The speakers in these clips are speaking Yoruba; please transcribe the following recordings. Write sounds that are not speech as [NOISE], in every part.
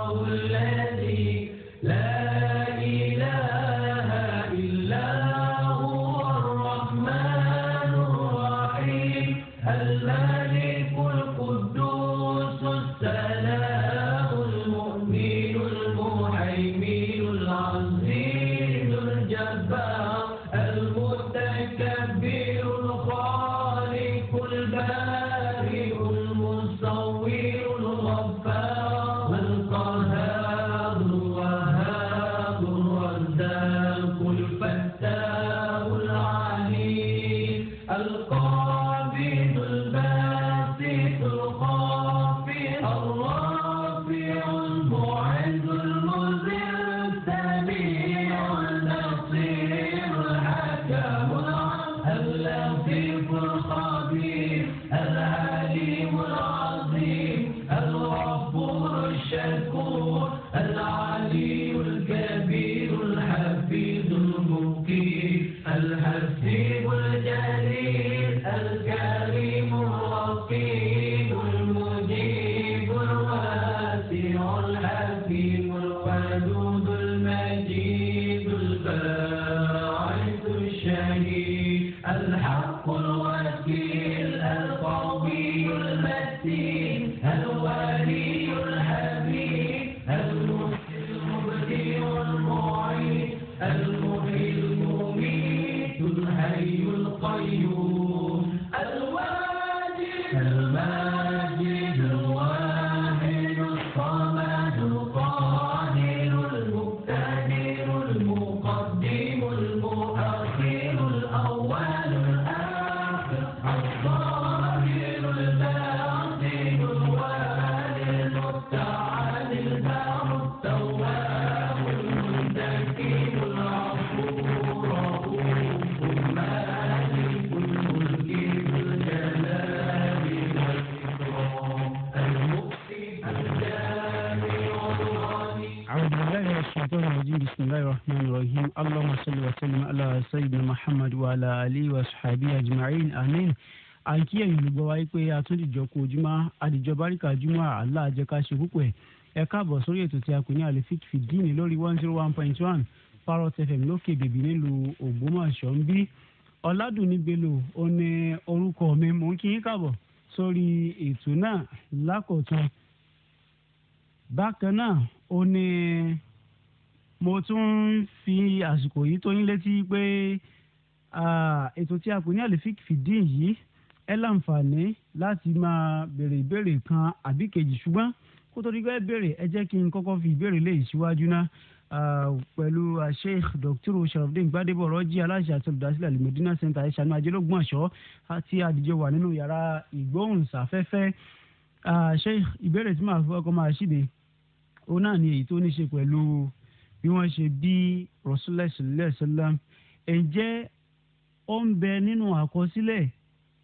الذي al kútúbà jùmọ̀ Allah jẹ́ ká ṣe púpọ̀ ẹ̀ ẹ káàbọ̀ sórí ètò tí a pè ní àlefik fìdíìnì lórí one zero one point one parrot fm lókè bèbí nílùú Ògbómọ̀ṣọ́ ń bí ọ̀làdùnní bello ó ní orúkọ mi mò ń kí yín káàbọ̀ sórí ètò náà lákòótán bákan náà ó ní mo tún fi àsìkò yìí tó yín létí pé ètò tí a pè ní àlefik fìdíìnì yìí ẹ láǹfààní láti máa béèrè ìbéèrè kan àbí kejì ṣùgbọ́n kó tó dígbà béèrè ẹ jẹ́ kí n kọ́kọ́ fi ìbéèrè lè síwájú ná pẹ̀lú Sheikh Dr. Sharafdin Gbadebo Rọ́jí aláṣẹ àti olùdásílẹ̀ alimọ̀dínà center ìṣànú ajẹ́lógún àṣọ àti àdìjọ wà nínú yàrá ìgbóhùnsáfẹ́fẹ́ Sheikh ìbéèrè tí màá fọ́ ọkọ̀ máa ṣíde ó náà ní èyí tó ní ṣe pẹ̀lú bí wọ́n ṣe bí Rasulullah sallallahu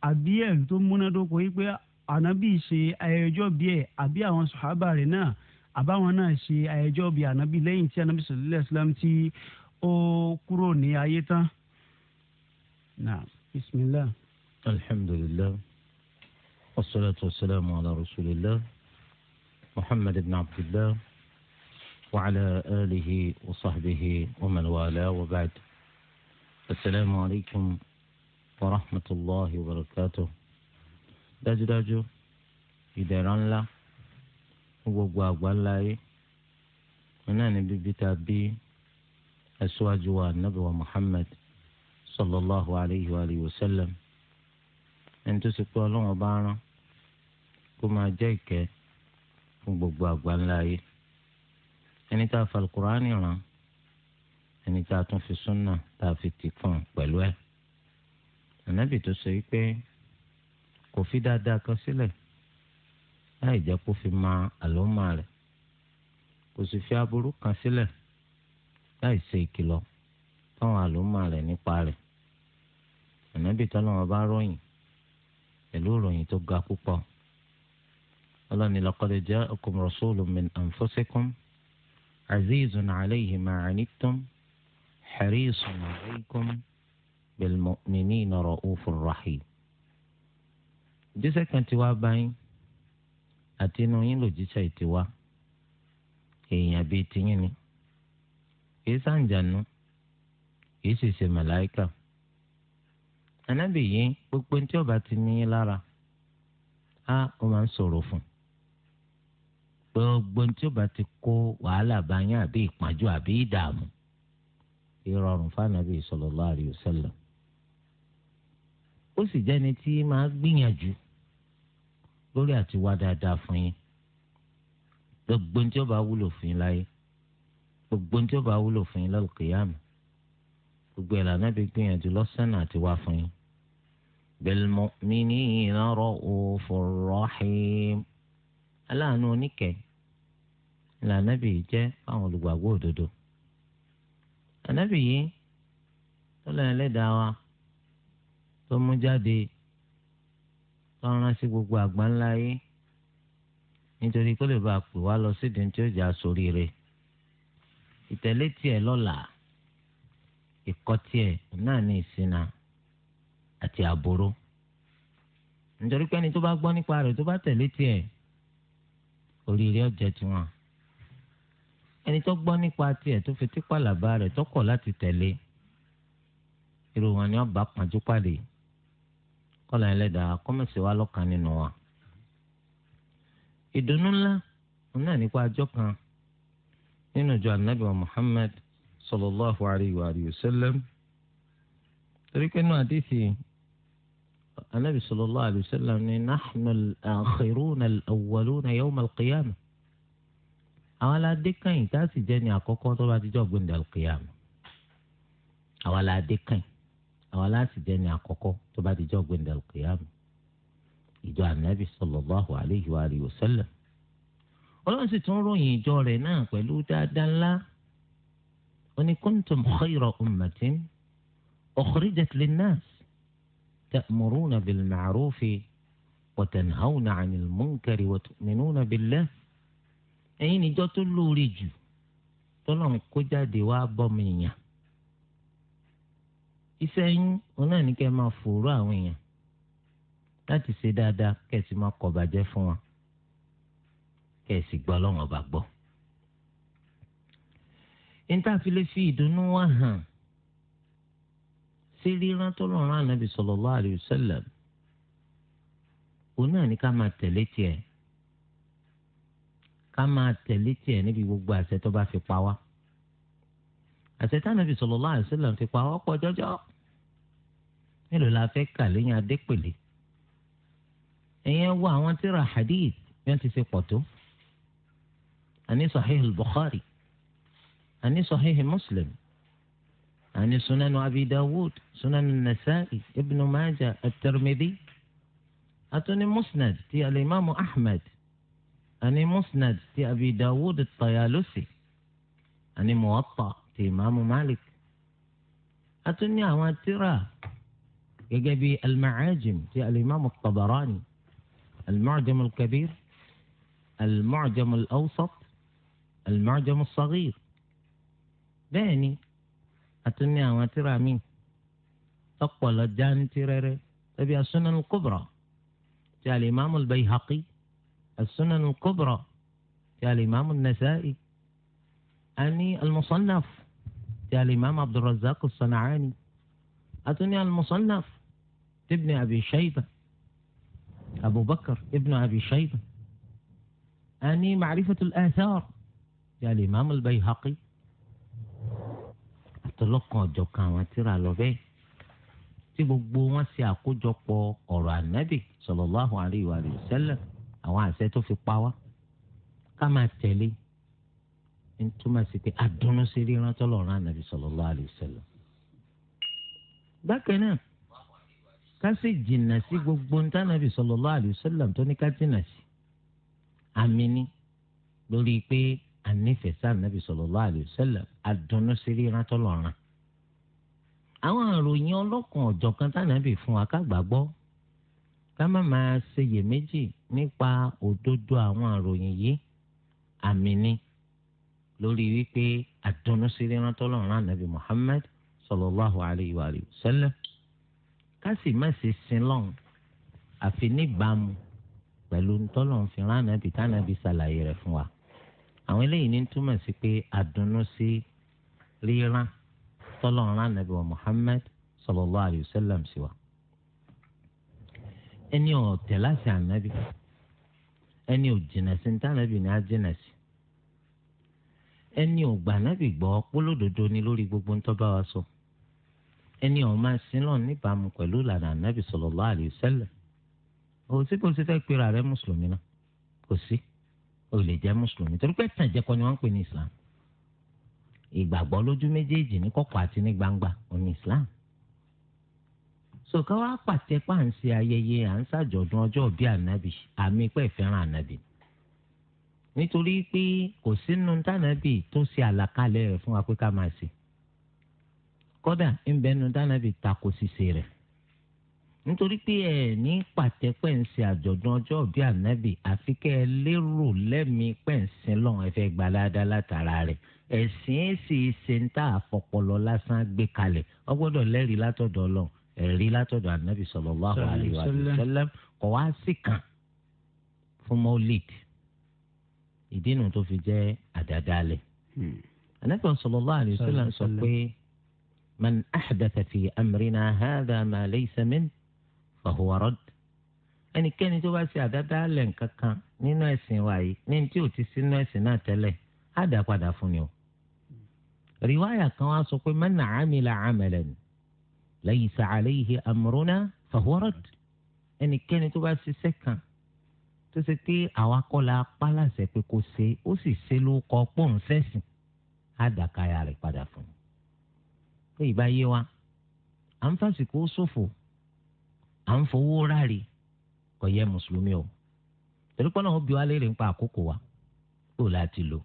àbí ẹ̀rí tó múnádóko yìí pé ànábì ṣe ayẹyẹjọ́ bí ẹ̀ àbí àwọn sàhábà rẹ̀ náà àbáwọn náà ṣe ayẹyẹjọ́ bí ànábì lẹ́yìn tí ànábì sallallahu alaihi wasallam tí ó kúrò ní ayé tán. naam bismillah. alhamdulillah wassalatu wassalamu ala rasulillah muhammad ibn abdullah wa ala alihi wa sahbihi wa man wala wa ba'd. assalamu alaykum warahmatullahi wabarakatuh dájúdájú ìdẹ̀ra ńlá fún gbogbo àgbáńlá yìí wọn náà ní bíbí ta bí aṣáájú wa nabi wa muhammad sallallahu alayhi wa alihi wa sallam ẹni tó sì pé ọlọ́run ọba rán kó máa jẹ́ ìkẹ́ fún gbogbo àgbáńlá yìí ẹni tá a fa alukur'ani rán ẹni tá a tún fi súnà tá a fi tì kàn pẹ̀lú ẹ̀ ànábì tó sọ pé kò fi dáadáa kan sílẹ̀ láì jẹ́ kó fi ma àlọ́mà rẹ̀ kò sì fi aburú kan sílẹ̀ láì ṣe ìkìlọ̀ fáwọn àlọ́mà rẹ̀ nípa rẹ̀ ànábì tọ́lọ́wọ́n bá ròyìn pẹ̀lú ìròyìn tó ga púpọ̀ ọlọ́ni laqad ja'akum rasulun min anfusikum azizun alayhi ma anittum harisun alaykum bil mu'minina ra'ufur rahim. jíṣẹ́ kan ti wá báyìí àti inú yín ló jíṣẹ́ ìtì wá èèyàn bíi tiyín ni kì í sàǹjànú kì í sì ṣe màláìkà ànábì yìí gbogbo tí ọba ti ní í lára á ó máa ń sọ̀rọ̀ fún gbogbo tí ọba ti kó wàhálà bá àbí ìpọ́njú àbí ìdààmú ìrọ̀rùn fún ànábì sallallahu alaihi wasallam ó sì jẹ́ni tí máa gbìyànjú lórí àti wá dáadáa fún yín gbogbo ní tí ó bá wúlò fún yín láyé gbogbo ní tí ó bá wúlò fún yín lálùkò yá mi gbogbo ẹ̀ bí gbìyànjú lọ́sàn-án àti wá fún yín. bilmu'minina ra'ufur rahim aláàánú oníkẹ́ ìlànà bí jẹ́ fáwọn olùgbàgbọ́ òdodo. ànábì yìí tó lọ́yìn wa tó mú jáde tó rán sí gbogbo àgbáńlá yìí nítorí kó lè bá a pè wá lọ sídìí tí ó jà sóríire ìtẹ̀lé tiẹ̀ lọ́la ìkọ́ tiẹ̀ náà ní ìṣìnà àti àbúrò nítorí pé ẹni tó bá gbọ́ nípa rẹ̀ tó bá tẹ̀lé tiẹ̀ oríire ọ̀jẹ̀ tiwọn ẹni tó gbọ́ nípa tiẹ̀ tó fi tipa làbá rẹ̀ tó láti tẹ̀lé irú wọn ni ọba pàjùpàdé kọ́lá ẹlẹ́dàá kọ́mẹ̀sì wa lọ́kàn nínú wa. ìdùnnú ńlá òun náà nípa àjọ kan nínú ìjọ anabi wa muhammad sallallahu alayhi wa sallam torí pé inú àdìsí anabi sallallahu alayhi wa sallam ni nahnu al-akhiruna al-awwaluna yawma al-qiyamah àwọn aládé kàn yìí tá a sì jẹ́ ni àkọ́kọ́ tó bá ti jọ́ gbẹ̀ndẹ̀ al àwọn aládé kàn yìí àwọn aláàsì jẹ́ ní àkọ́kọ́ tó bá ti jọ́ gbẹ̀ndẹ̀ kìyàmù ìjọ ànábì sallallahu alayhi wa alihi wa sallam ọlọ́run sì tún ròyìn ìjọ rẹ̀ náà pẹ̀lú dáadáa ńlá ó ní kuntum khayra ummatin ukhrijat linnas ta'muruna bil ma'rufi wa tanhawna 'anil munkari wa tu'minuna billah ẹ̀yin níjọ tó lóore jù tọ́lọ́run iṣẹ́ yín òun náà ní kẹ́ ẹ máa fòòró àwọn èèyàn láti ṣe dáadáa kẹ́ ẹ sì máa kọ̀ bàjẹ́ fún wọn kẹ́ gbọ́ ọlọ́run ọba gbọ́. ìntàfilé fi ìdùnnú wá hàn sí ríran tó lọ́rùn ànábì sallallahu alaihi wasallam òun náà ní ká máa tẹ̀lé tiẹ̀ ká máa tẹ̀lé tiẹ̀ níbi gbogbo àṣẹ tó bá fi pa wá àṣẹ tánàbì sallallahu alaihi wasallam fi pa wá pọ̀ jọjọ́ mélòó la fẹ́ kà lóyún adépèlé ẹ̀yẹn wo àwọn tí ra hadith bí wọ́n ti fi pọ̀ tó àní sahih bukhari àní sahih muslim àní sunanu abi dawud sunanu nasa'i ibnu maja atarmidi atoni musnad ti alimamu ahmed àní musnad ti abi dawud at-tayalusi àní muwatta ti imamu malik atoni àwọn tí ra. gẹ́gẹ́ bí al-Ma'ajim ti al-Imam at-Tabarani al-Mu'jam al-Kabir al-Mu'jam al-Awsat al-Mu'jam as-Saghir bẹ́ẹ̀ ni àtúnni àwọn tíra mi tọpọlọ jantirẹrẹ tàbí as-Sunan al-Kubra ti al-Imam al-Bayhaqi as-Sunan al-Kubra ti al-Imam an-Nasa'i ani al-Musannaf ti al-Imam Abdul Razzaq as-San'ani àtúnni al-Musannaf. ابن أبي شيبة أبو بكر ابن أبي شيبة أني معرفة الآثار يا الإمام البيهقي àtọlọ́kan ọ̀jọ̀kan àwọn tíra lọ bẹ́ẹ̀ tí gbogbo wọn ṣe àkójọpọ̀ ọ̀rọ̀ ànábì sallallahu alaihi wa sallam àwọn àṣẹ tó fi pa wá ká máa tẹ̀lé nítumọ̀ sí pé adúnú sí ríran tọ́lọ̀ ran ànábì sallallahu alaihi wa sallam. bákan náà ká sì jìnnà sí gbogbo ntánàbì sallallahu alaihi wasallam tó ní ká jìnnà sí àmì ni lórí pé ànífẹ̀ẹ́ sànàbì sallallahu alaihi wasallam àdùnnú sí ríran tọ́lọ́ràn àwọn àròyìn ọlọ́kan ọ̀jọ̀kan tánàbì fún wa ká gbàgbọ́ ká má máa ṣeyèméjì nípa òdodo àwọn àròyìn yìí àmì ni lórí wípé àdùnnú sí ríran tọ́lọ́ràn ànàbì Muhammad sallallahu alaihi wa sallam ká sì má ṣe sin lọ́n àfi níbàámu pẹ̀lú ntọ́lọ̀ fi rán ànábì tánàbì ṣàlàyé rẹ̀ fún wa àwọn eléyìí ní túmọ̀ sí pé àdùnnú sí ríran tọ́lọ̀ rán ànábì wa Muhammad sallallahu alayhi wa sallam sí wa ẹni ọ̀tẹ̀ láti ànábì ẹni òjìnà sí ntánàbì ni á jìnà sí ẹni ògbà ànábì gbọ́ polódodo ni lórí gbogbo ntọ́ bá wa sọ. So ẹni ọ̀hún máa sin náà níbàámu pẹ̀lú ìlànà anábì sallallahu alaihi wasallam òun tí kò sí fẹ́ pera rẹ̀ mùsùlùmí náà kò sí ò lè jẹ́ mùsùlùmí torí pé tàn jẹ́kọ́ ni wọ́n ń pè ní islam ìgbàgbọ́ lójú méjèèjì ní kọ̀kọ̀ àti ní gbangba òun ní islam sọ̀kà wá pàtẹ pa à ń ṣe ayẹyẹ à ń ṣàjọ̀dún ọjọ́ òbí ànábì àmì pẹ́ fẹ́ràn ànábì nítorí pé kò sínú tànábì tó ṣe àlàkalẹ̀ rẹ̀ fún wa pé ká máa ṣe kódà ńbẹnu dánàbì tako ṣíṣe rẹ̀ nítorí pé ẹ ní pàtẹ pẹ̀ǹsì àjọ̀dún ọjọ́ bíi ànábì àfi kẹ́ ẹ lérò lẹ́mìí pẹ̀ǹsì lọ́n ẹ fẹ́ gbalada látara rẹ̀ ẹ̀sìn èsì ṣèǹtà àfọpọlọ lásán gbé kalẹ̀ ọ gbọ́dọ̀ lẹ́rìí látọ̀dọ̀ Ọlọ́run ẹ̀rí látọ̀dọ̀ ànábì sallallahu alaihi wa sallam kò wá sí kan fún mọ́lìd ìdí nu tó fi jẹ́ àdàdálẹ̀ hmm. ànábì sallallahu alaihi wa sallam من أحدث في أمرنا هذا ما ليس منه فهو رد ẹnikẹ́ni tó bá ṣe àdádálẹ̀ nǹkan kan nínú ẹ̀sìn wa yìí ní tí ò ti sínú ẹ̀sìn náà tẹ́lẹ̀ á dà padà fún ni o. rìwáyà kan wá sọ pé man amila amalan laysa alayhi amruna fahuwa radd ẹnikẹ́ni tó bá ṣiṣẹ́ kan tó ṣe pé àwa kọ́ la pálàṣẹ pé kò ṣe ó sì ṣe ló kọ́ pọ́ǹsẹ̀sìn á dà káyà rẹ̀ padà fún ni. pé ìbá yé wa à ń fàsìkò ṣòfò à ń fowó ráre kò yẹ mùsùlùmí o torí pé náà bí wa léèrè ń pa àkókò wa kó láti lò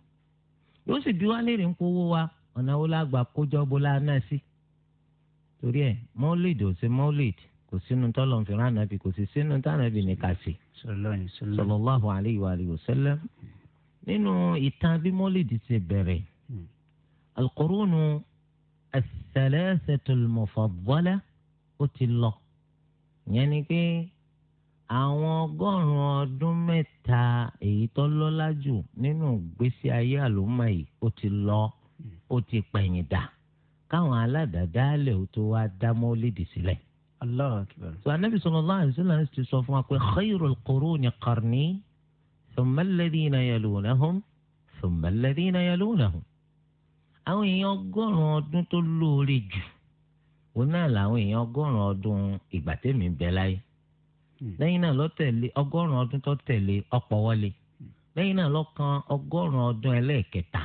yóò sì bí wa léèrè ń powó wa ọ̀nà wo la gbà kójọ bó la náà sí torí ẹ mọ́lìd ò sí mọ́lìd kò sínú tọ́lọ̀ ń kò sí sínú tánàbì ní ká sí sallallahu alayhi wa alihi wa sallam nínú ìtàn bí mọ́lìd ti bẹ̀rẹ̀ hmm. alukóró nu ath-thalathatul mufaddalah ó ti lọ ìyẹn ni pé àwọn ọgọ́rùn-ún ọdún mẹ́ta èyí tó lọ́lá jù nínú ìgbésí ayé àlùmọ́ yìí ó ti lọ ó ti pẹ̀yìn dà káwọn aládàádáálẹ̀ ó tó wá dá mọ́lídìí sílẹ̀. Allahu akbar. sọ anabi sallallahu alaihi wasallam ti sọ fún wa pé khayrul quruni qarni thumma alladhina yalunahum thumma alladhina yalunahum. àwọn èèyàn ọgọ́rùn-ún ọdún tó lóore jù òun náà làwọn èèyàn ọgọ́rùn-ún ọdún ìgbà tèmi bẹ láyé hmm. lẹ́yìn náà lọ ọgọ́rùn-ún ọdún tó tẹ̀lé ọ̀pọ̀ wọlé hmm. lẹ́yìn náà lọ́kàn ọgọ́rùn-ún ọdún ẹlẹ́ẹ̀kẹta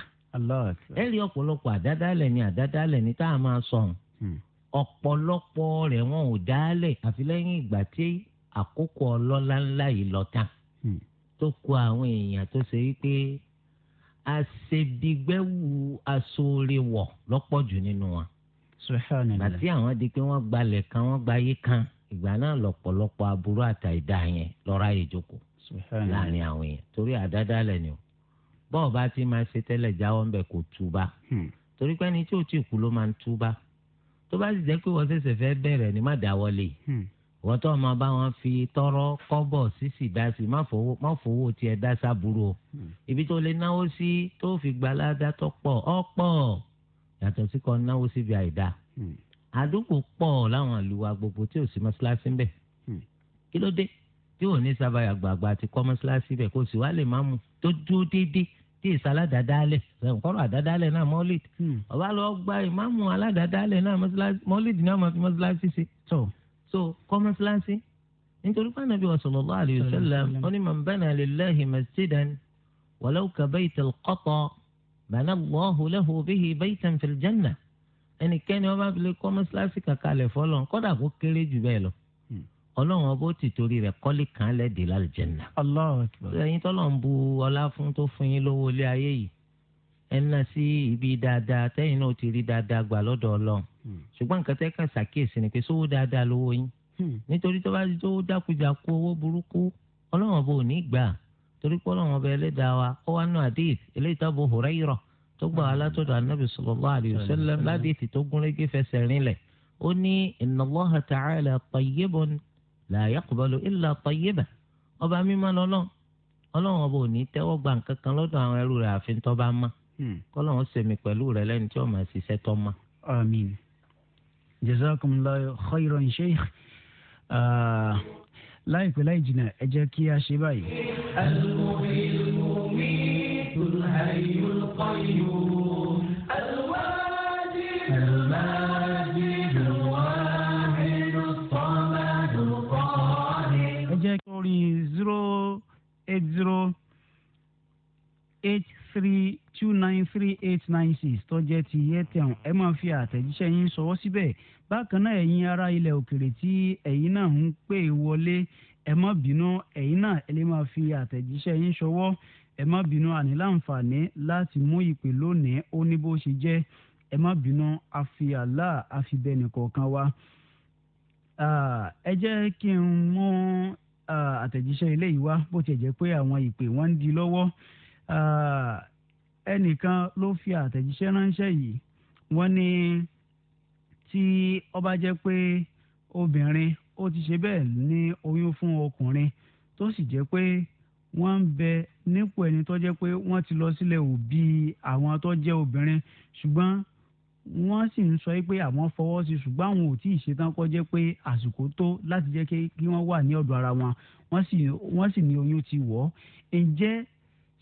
ẹ rí ọ̀pọ̀lọpọ̀ àdádálẹ̀ ni àdádálẹ̀ ni a máa sọ̀hún hmm. ọ̀pọ̀lọpọ̀ rẹ̀ wọn ò dálẹ̀ àfi lẹ́yìn ìgbà tí àkókò ọlọ́lá ńlá yìí lọ tán tó kù àwọn èèyàn tó ṣe wípé aṣebigbẹ́wù aṣoorewọ̀ lọ́pọ̀ jù nínú wọn. àti àwọn di pé wọ́n gbalẹ̀ kan wọ́n gbayé kan ìgbà náà lọ́pọ̀lọpọ̀ aburú àtàìdá yẹn lọ́ra ìjoko láàrin àwọn yẹn torí àdádálẹ̀ ni o bọ́ọ̀ bá ti máa ṣe tẹ́lẹ̀ jáwọ́ ń bẹ̀ kó túbà hmm. torí pé ẹni tí ò tí ì kú ló máa ń túbà tó bá sì jẹ́ pé wọ́n ṣẹ̀ṣẹ̀ fẹ́ bẹ̀rẹ̀ ni má dáwọ́lé hmm wọ́n tó máa bá wọn fi tọrọ kọ́bọ̀ sísì dá sí má fowó tiẹ̀ dá sábúrò hmm. ibi tó lè náwó sí tó fi gbalada tó pọ̀ ọ̀pọ̀ yàtọ̀ sí kan náwó síbi àìdá hmm. àdúgbò pọ̀ láwọn àlùwà gbogbo tí ò sí mọ́ṣáláṣí ńbẹ̀ hmm. kí ló dé tí ò ní sábàyà gbàgbà àti kọ́ mọ́ṣáláṣí bẹ̀ kó sì wá lè máa mú tó dúró déédéé tí èsì aládàádálẹ̀ kọ́rọ̀ àdádálẹ̀ náà mọ́lìd ọba lọ gba ìmáàmù aládàádálẹ̀ náà mọ́lìd náà mọ́ṣáláṣí ṣe so kọ́mọ́síláṣí nítorí pé anabi sallallahu alayhi wa sallam ó ní man bana lillahi masjidan walaw ka baytal qata bana Allahu lahu bihi baytan fil janna ẹnikẹ́ni ó bá fi lè kọ́mọ́síláṣí kàkálẹ̀ fọlọ́ kọ́dà kó kéré jù bẹ́ẹ̀ lọ hmm. ọlọ́run ọba ó ti torí rẹ̀ kọ́lé kan lẹ́dẹ̀ lálùjẹ́nà. ẹ̀yin tọ́lọ̀ ń bu ọlá fún tó fún yín lówó ilé ayé yìí ẹ̀ ń ná sí ibi dáadáa tẹ́yìn náà ti rí dáadáa gbà lọ́dọ̀ ọlọ́run Hmm. ṣùgbọ́n nǹkan tẹ́ ká ṣàkíyèsí ni pé sówó dáadáa lówó yín hmm. nítorí tó bá ti tó jákujàku owó burúkú ọlọ́wọ́n bò ní gbà torí pé ọlọ́wọ́n bẹ ẹlẹ́dàá wa ó wá nù àdéhìí eléyìí tábò Huraira tó gbà wá látọ̀dọ̀ anábì sallallahu alaihi wasallam ládéhìí tó gúnrégé fẹsẹ̀ rinlẹ̀ ó ní inna Allaha ta'ala la Yakubalo illa jazakumullahu khairan sheikh ah, láìpẹ́ láì jìnnà ẹ jẹ́ kí a ṣe báyìí. al-muhyil mumitul hayyul qayyum al ẹ jẹ́ kí orí zero eight zero eight three two nine three eight nine six tó jẹ́ ti airtel ẹ máa fi àtẹ̀jíṣẹ́ yín ṣọwọ́ síbẹ̀ bákan náà ẹ̀yin ará ilẹ̀ òkèrè tí ẹ̀yin náà ń pè wọlé ẹ má bínú ẹ̀yin náà ẹ lè máa fi àtẹ̀jíṣẹ́ yín ṣọwọ́ ẹ má bínú àní láǹfààní láti mú ìpè lónìí ó ní bó ṣe jẹ́ ẹ má bínú àfi àlá àfibẹnìkọ̀ọ̀kan wa ẹ jẹ́ kí n mú àtẹ̀jíṣẹ́ ilé yìí wá bó tiẹ̀ ẹnìkan ló fi àtẹ̀jíṣẹ́ ránṣẹ́ yìí wọ́n ní tí ó bá jẹ́ pé obìnrin ó ti ṣe bẹ́ẹ̀ ní oyún fún ọkùnrin tó sì jẹ́ pé wọ́n ń bẹ nípò ẹni tó jẹ́ pé wọ́n ti lọ sílẹ̀ òbí àwọn tó jẹ́ obìnrin ṣùgbọ́n wọ́n sì ń sọ pé àwọn fọwọ́ sí ṣùgbọ́n àwọn ò tí ì ṣetán kó jẹ́ pé àsìkò tó láti jẹ́ kí wọ́n wà ní ọ̀dọ̀ ara wọn wọ́n sì ní oyún ti wọ̀ ọ́ ǹjẹ́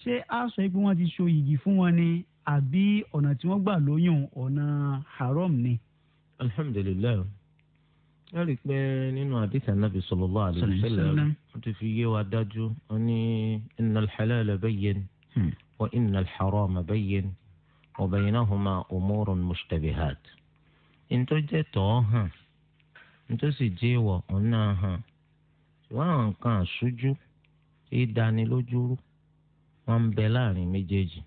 ṣé a sọ pé wọ́n ti so yìgì fún wọn ni àbí ọ̀nà tí wọ́n gbà lóyún ọ̀nà haram ni. alhamdulilayi ẹ rí i pé nínú àdìsí anábì sallallahu alaihi wasallam wọ́n ti fi yé wa dájú wọ́n ní innal halala bayyin hmm. wa innal harama bayyin wa baynahuma umurun mushtabihat ntọ́ jẹ́ tọ́ hàn ntọ́ sì jẹ́ ìwọ̀ ọ̀nà hàn ṣùgbọ́n àwọn nǹkan àṣojú wọn ń bẹ láàrin méjèèjì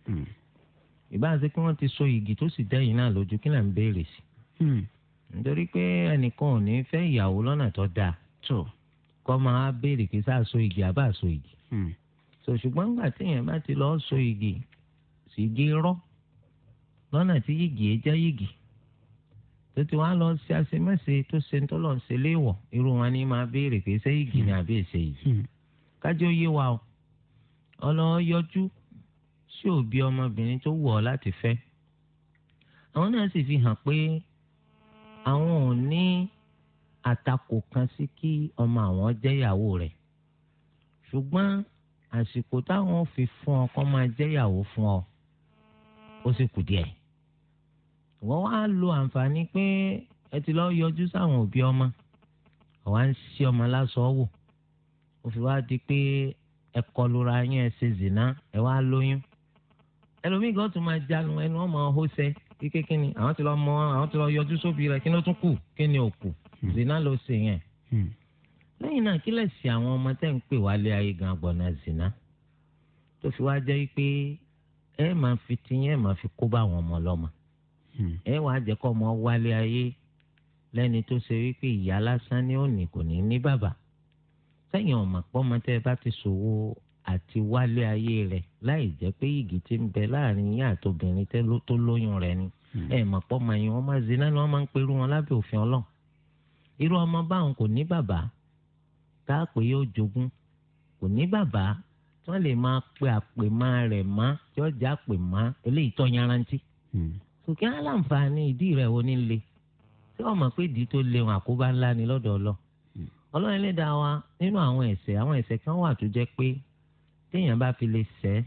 kí hmm. ti so igi tó sì dẹ́yìn náà lójú kí là ń béèrè sí hmm. nítorí pé ẹnìkan ò ní fẹ́ ìyàwó lọ́nà tó dáa kọ́ máa béèrè so igi àbá so igi hmm. so ṣùgbọ́n nígbà téèyàn bá ti lọ́ọ́ so igi sì igi rọ lọ́nà tí yìgì yé jẹ́ tó ti wá lọ ṣe àṣemẹ́sẹ̀ tó ṣe ń tọ́lọ̀ ń ṣe léèwọ̀ irú wọn ni máa béèrè ni àbí ọlọ́wọ́ yọjú sí òbí ọmọbìnrin tó wọ̀ ọ́ láti fẹ́ àwọn náà sì fi hàn pé àwọn ò ní àtakò kan sí kí ọmọ àwọn jẹ́ ìyàwó rẹ̀ ṣùgbọ́n àsìkò táwọn fi fún ọ kọ́ máa jẹ́ ìyàwó fún ọ ó sì kù díẹ̀ wọ́n wá lo àǹfààní pé ẹ ti lọ́ọ́ yọjú sáwọn òbí ọmọ àwa ń ṣí ọmọ lásán wò ó fi wá di pé ẹ kọlura yín ẹ ṣe zìnà ẹ wá lóyún ẹlòmíì gan tún máa jánu ẹnu wọn máa hó sẹ kíkẹ́ kí ni àwọn ti lọ mọ àwọn ti lọ yọjú sóbì rẹ kí ló tún kù kí ni ò kù hmm. zìnà ló ṣe yẹn hmm. lẹ́yìn náà kí lẹ̀sì àwọn ọmọ tẹ́ ń pè wálé ayé gan gbọ̀nà zìnà tó fi wá jẹ́ pé ẹ máa fi tiyín ẹ máa fi kó bá àwọn ọmọ lọ́mọ hmm. ẹ wàá jẹ́ kọ́ ọmọ wálé ayé lẹ́ni tó ṣe wípé ìyá lásán ni ó ní kò ní ní bàbá sẹ́yìn ọ̀mọ̀ pọ́nmọ tẹ́ ẹ bá ti ṣòwò àti wálé ayé rẹ̀ láì jẹ́ pé igi ti ń bẹ láàrin yín àtobìnrin tẹ́ ló tó lóyún rẹ̀ ni hmm. ẹ mọ̀ pọ́nmọ yín wọ́n máa zina ni wọ́n máa ń perú wọn lábẹ́ òfin ọlọ́run irú ọmọ báwọn kò ní bàbá tá a yóò jogún kò ní bàbá tí wọ́n lè máa pe àpè máa rẹ̀ má tí wọ́n já pè má eléyìí tọ́ yarantí sòkè hmm. aláǹfààní ìdí rẹ̀ wo ní le tí wọ́n mọ̀ pé ìdí tó léwọn àkóbá ńlá ni lọ́dọ̀ ọlọ́run ọlọ́run ẹlẹ́dàá wa nínú àwọn ẹ̀ṣẹ̀ àwọn ẹ̀ṣẹ̀ kan wà tó jẹ́ pé téèyàn bá fi lè ṣẹ̀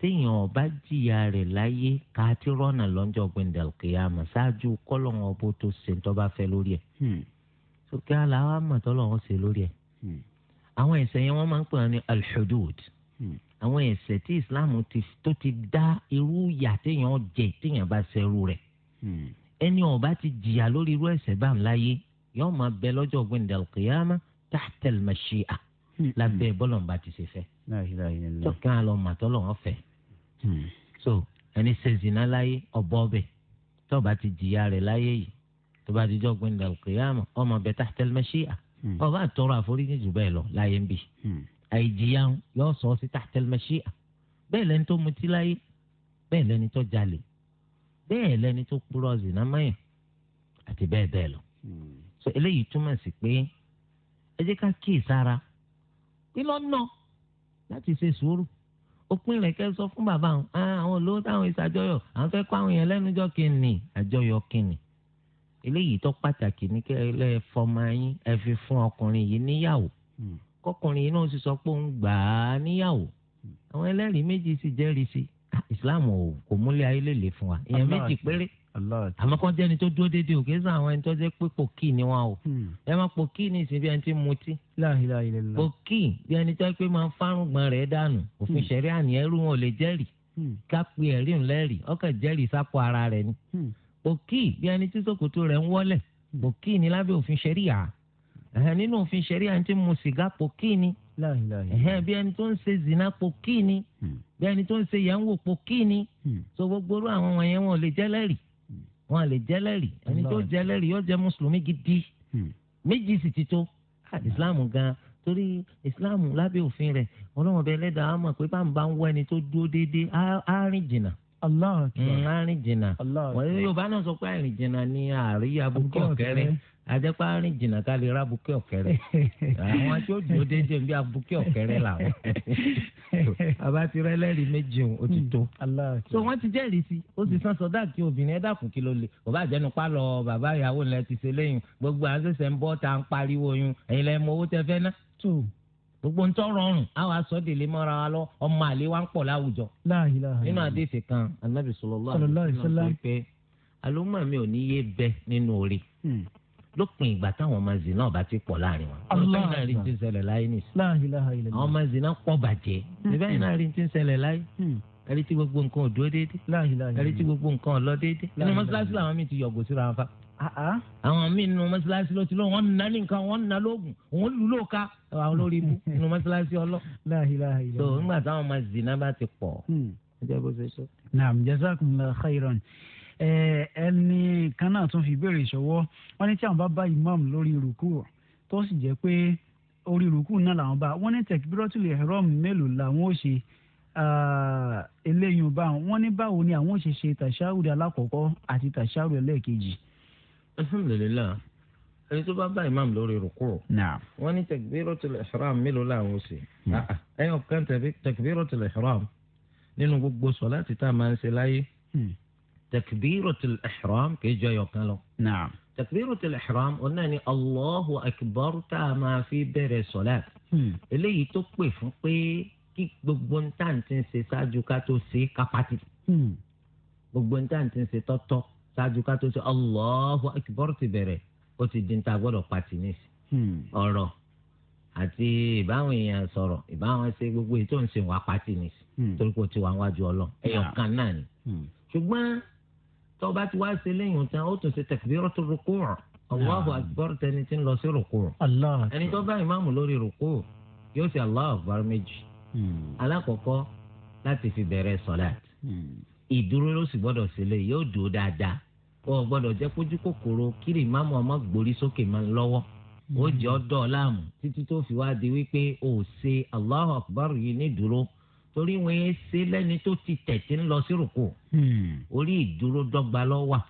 téèyàn ọba jìyà rẹ̀ láyé ká tí rọ́nà lọ́jọ́ gbẹ̀ndẹ̀ kìyàmọ̀ ṣáájú kọ́lọ́hún ọbọ̀ tó ṣe tó bá fẹ́ lórí ẹ̀ hmm. sókè aláwa mọ̀ tọ́lọ́hún ṣe lórí ẹ̀ hmm. àwọn ẹ̀ṣẹ̀ yẹn wọ́n máa ń pè ní alhudud hmm. àwọn ẹ̀ṣẹ̀ tí Islam tó ti dá irú yà téèyàn jẹ téèyàn bá ṣerú rẹ̀ ẹni ọba ti jìyà lórí irú ẹ̀ṣẹ̀ báà yóò máa bẹ lọ́jọ́ gbẹ̀ndẹ̀ alqiyama tahta al-mashi'a hmm. lábẹ́ bọ́lọ̀mbà ti ṣe fẹ́. tọ́kàn àlọ́ màtọ́lọ̀ wọn fẹ́. Hmm. so ẹni ṣe zina láyé ọ̀bọ ọbẹ̀ tó bá ti jìyà rẹ̀ láyé yìí tó bá ti jọ gbẹ̀ndẹ̀ alqiyama ọmọ bẹ tahta al-mashi'a ọba hmm. àtọrọ àforíjì jù bẹ́ẹ̀ lọ láyé ń bì. àìjìyà yóò sọ sí tahta so eléyìí túmọ̀ sí pé ẹ jẹ́ ká kíì sára kí lọ́nà láti ṣe sùúrù òpin rẹ̀ kẹ́ sọ fún bàbá àwọn ah, àwọn olówó táwọn ìṣàjọyọ̀ àwọn fẹ́ kó àwọn yẹn lẹ́nujọ́ kìnnì àjọyọ̀ kìnnì eléyìí tó pàtàkì ní kẹ́ ẹ fọmọ yín ẹ fi fún ọkùnrin yìí níyàwó hmm. kọkùnrin yìí náà sì sọ pé òun gbà á níyàwó hmm. àwọn ẹlẹ́rìí méjì sì jẹ́rìí sí ah, Islam kò múlẹ̀ ayé lè lè fún wa ìyẹn méjì péré àmọ́ kọ́ jẹ́ni tó dúró déédéé ò kéésà àwọn ẹni tó jẹ́ pé pòkì ni wọn o hmm. ẹ máa pòkì ní ìsìn bí ẹni tí mutí pòkì bí ẹni tó pé máa ń fárùngbọ̀n rẹ̀ dànù òfin hmm. ṣẹ̀rí àní ẹrú wọn ò lè jẹ́rìí hmm. ká pe ẹ̀rí ńlẹ́rìí ọkàn jẹ́rìí sápò ara rẹ̀ ni pòkì bí ẹni tí ṣòkòtò rẹ̀ ń wọ́lẹ̀ pòkì ni lábẹ́ òfin ṣẹ̀rí à ẹ̀hẹ́n nínú òfin ṣẹ̀rí à ń ti mu sìgá pòkì ni ẹ̀hẹ́n bí ẹni tó ń ṣe zina pòkì ni bí ẹni tó ń ṣe yẹn ń wò pòkì ni so gbogbo irú àwọn wọ̀nyẹn wọn ò lè jẹ́lẹ́rìí wọn lè jẹ́lẹ́rìí ẹni tó jẹ́lẹ́rìí yóò jẹ́ mùsùlùmí gidi hmm. méjì sì ti tó ah, islam gan torí islam lábẹ́ òfin rẹ̀ ọlọ́run bẹ lẹ́dàá á mọ̀ pé bá ń bá ń wọ ẹni tó dúró déédéé á rìn jìnnà á rìn jìnnà hmm, wọ́n yóò bá náà sọ pé àrìn jìnnà ni àárí abúkọ̀ kẹrin àjẹpá rìn jìnnà ká lè ra bukẹ́ ọ̀kẹ́rẹ́ àwọn tí ó dúró déédéé bí abukẹ́ ọ̀kẹ́rẹ́ làwọn bàbá ti rẹ́ lẹ́rìí méjì o ti tó so wọ́n ti jẹ́rìí sí ó sì san sọ́dá kí obìnrin ẹ dákun kí ló le bàbá àjẹnu pálọ̀ bàbá ìyàwó ńlẹ̀ ti ṣe lẹ́yìn gbogbo à ń ṣẹ̀ṣẹ̀ ń bọ́ ta ń pariwo yun ẹ̀yin lẹ́yìn mọ owó tẹ fẹ́ ná gbogbo ntọ́ rọrùn àwọn asọ́dẹ̀ lè mọ́ra wa lọ ọmọ àlè wa ń pọ̀ láwùjọ. nínú àdéhìí kan anabi sallallahu alaihi wasallam pé mi ò ní yé bẹ nínú orí lópin ìgbà táwọn ọmọ zina ọba ti pọ̀ láàrin wọn. ọlọ́run náà rí ti ń ṣẹlẹ̀ láyé nìyí. àwọn ọmọ zina pọ̀ bàjẹ́ ìbẹ́yìn mm-hmm. náà rí ti ń ṣẹlẹ̀ láyé hmm. ẹni tí gbogbo nǹkan ò dúró déédé ẹni tí gbogbo nǹkan ò lọ déédé ẹni mọ́ṣáláṣí làwọn míì ti yọ̀gò síra wọn fa. àwọn míì nínú mọ́ṣáláṣí ló ti lọ wọ́n nà ní nǹkan wọ́n nà lóògùn òun lù ló ka àwọn olórí ibú [LAUGHS] nínú ọlọ́ ẹnì kan náà tún fi ìbéèrè ìṣọwọ́ wọ́n ní tí àwọn bá bá imam lórí rúkú tó sì jẹ́ pé orí rúkú náà làwọn bá wọ́n ní tẹ̀kíbírọ́tìlì ẹ̀rọ́m mélòó làwọn ò ṣe eléyìí bá wọ́n ní báwo ni àwọn ò ṣe ṣe tàṣáwùdì alákọ̀ọ́kọ́ àti tàṣáwùdì ẹlẹ́ẹ̀kejì. alhamdulilayi ẹni tó bá bá imam lórí rúkú wọ́n ní tẹ̀kíbírọ́tìlì ẹ̀rọ́m mélòó làwọn ò ṣe ah, ah. ẹ̀yọ̀ kan tẹ̀kíbírọ́tìlì ẹ̀rọ́m nínú gbogbo sọ láti tá a máa ń ṣe láyé hmm takbiratul ihram kìí jọ yọ kan lọ. naam takbiratul ihram òun náà ni allahu akbar tá a máa fi bẹ̀rẹ̀ sọ̀lá. eléyìí tó pè fún pé kí gbogbo ń tà ń ti ṣe ṣáájú ká tó ṣe kápátì. gbogbo ń tà ń ti ṣe tọ́tọ́ ṣáájú ká tó ṣe allahu akbar ti bẹ̀rẹ̀ ó ti di ta gbọ́dọ̀ pati nísì. ọ̀rọ̀ àti ìbáwọn èèyàn sọ̀rọ̀ ìbáwọn ṣe gbogbo ètò ń ṣe wà pati nísì. torí kò ti wà wájú ọlọ ẹyọ kan náà ni. ṣùgbọ́n tó bá ti wá ṣe lẹ́yìn tán ó tún ṣe takbiratul ruku' Allahu akbar tẹni tí ń lọ sí ruku' ẹni tó bá ìmáàmù lórí ruku' yóò ṣe Allahu akbar méjì hmm. alákọ̀ọ́kọ́ láti fi bẹ̀rẹ̀ sọ̀láàt hmm. ìdúró ló sì gbọ́dọ̀ sílẹ̀ yóò dúró dáadáa ó gbọ́dọ̀ jẹ́ kójú kòkòrò kiri ìmáàmù ọmọ gbórí sókè máa ń lọ́wọ́ ó hmm. jẹ́ ọ́ dọ́ọ̀ láàmú títí tó fi wá di wípé ó ṣe Allahu akbar yìí ní dúró torí wọn yẹn ṣe lẹ́ni tó ti tẹ̀tí ń lọ sí rúkú hmm. orí ìdúró dọ́gba lọ wà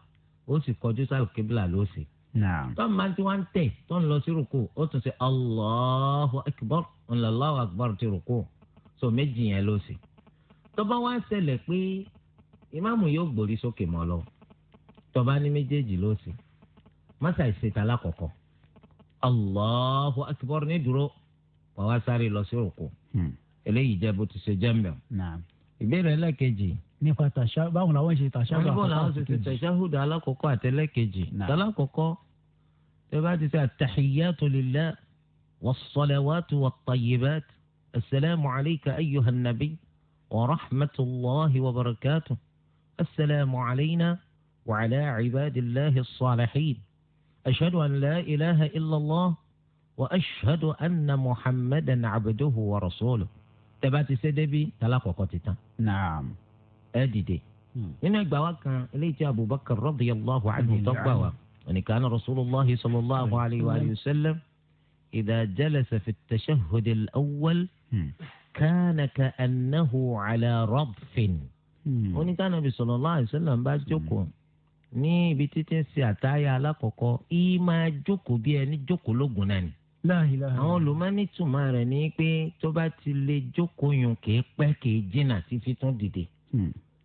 ó sì kọjú sáà kébìlà ló ṣe tó máa ti wá ń tẹ̀ tó ń lọ sí rúkú ó tún ṣe Allahu akbar Allahu akbar ti rúkú so méjì yẹn ló ṣe tó bá wá ṣẹlẹ̀ pé ìmáàmù yóò gbòrí sókè mọ́ lọ tó bá ní méjèèjì ló ṣe mọ́sà ìṣètà lákọ̀ọ́kọ́ Allahu akbar ní dúró wàá wá sáré lọ sí rúkú. Hmm. eléyìí jẹ́ bó ti ṣe jẹ́ mbẹ́. ìbéèrè ẹlẹ́kejì. nípa tàṣà báwo làwọn ṣe tàṣà àkọ́kọ́ àti kejì. wọ́n ní bọ́ọ̀lù àwọn ṣe ti tàṣà hùdà alákọ̀ọ́kọ́ àti ẹlẹ́kejì. tàlákọ̀ọ́kọ́ tẹ bá ti ṣe àtàhìyàtò lillah wàsọ̀lẹ̀wàtò wàtàyèbàt asalaamu alayka ayyuhan nabi wa rahmatulahi wa barakatuh asalaamu alayna wa ala ibadillahi salihin ashadu an la ilaha illallah wa ashadu anna muhammadan abduhu wa rasuluhu. tẹ́bá ti ṣe débi tala kọ̀kọ́ ti tán. naam ẹ dìde. Hmm. nínú ìgbà wa kan eléyìí tí abubakar radiyallahu anhu tọ́gbà wa oníkan rasulillah sallallahu alayhi wa sallam idha jalasa fi tashahhud al-awwal hmm. kana ka'annahu ala radfin. oníkan hmm. nabi sallallahu alayhi wa sallam bá jókòó ní ibi títí ń ṣe àtàyà alákọ̀ọ́kọ́ ìyí máa bí ẹni jókòó lógun náà ni àwọn olùmọ́nìtùmọ̀ rẹ̀ ni pé tó bá ti lè jókòó yùn kì í pẹ́ kì í jìnnà títí tún dìde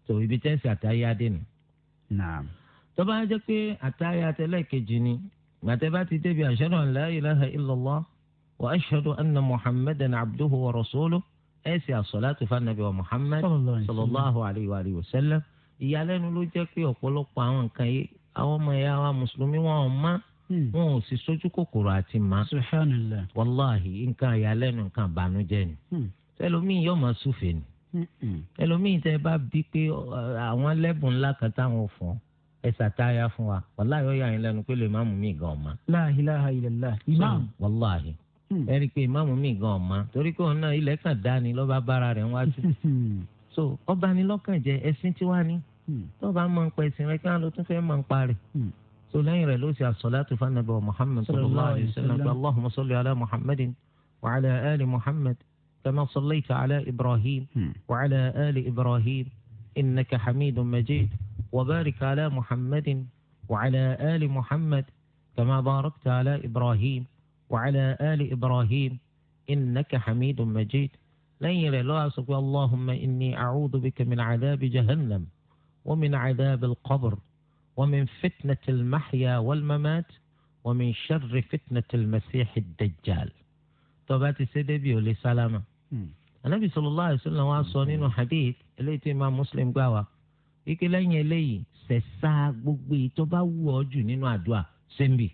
tó hmm. ibi tẹ́ ń ṣe àtàyà dènà. tó bá jẹ́ pé àtàyà tẹ́lẹ̀ kejì ni gbàtẹ́ bá ti débi ashhadu an la ilaha illallah wa ashhadu anna muhammadan abduhu wa rasuluhu ẹ̀ ṣe àsọ̀látù fanabi wa muhammad sallallahu alayhi wa sallam ìyàlẹ́nu ló jẹ́ pé ọ̀pọ̀lọpọ̀ àwọn nǹkan yìí àwọn ọmọ ẹ̀yà Hmm. wọn ò sì sójú kòkòrò àti má. wàláhì nǹkan àyálẹ́nu nǹkan àbànújẹ́ ni hmm. yóò máa ni hmm, tẹ bá bí pé àwọn lẹ́bùn ńlá kan táwọn ò fún wa wàláhì ó yà yín lẹ́nu pé lè má mú mi gan ọ̀ma. wàláhì mi gan ọ̀ma torí pé òun so ọba ni lọ́kàn jẹ ẹ̀sìn tí ní سليم رلوسي على الصلاة فالنبي محمد صلى الله عليه وسلم اللهم صل على محمد وعلى آل محمد كما صليت على إبراهيم وعلى آل إبراهيم إنك حميد مجيد وبارك على محمد وعلى آل محمد كما باركت على إبراهيم وعلى آل إبراهيم إنك حميد مجيد لن يرلوسك اللهم إني أعوذ بك من عذاب جهنم ومن عذاب القبر ومن فتنة المحيا والممات ومن شر فتنة المسيح الدجال توبات السيدبي ولسلامة النبي صلى الله عليه وسلم وصنين حديث التي ما مسلم قاوة ike lẹ́yìn eléyìí sẹ̀sá gbogbo èyí tó bá wù ọ́ jù nínú àdúrà sẹ́ńbì.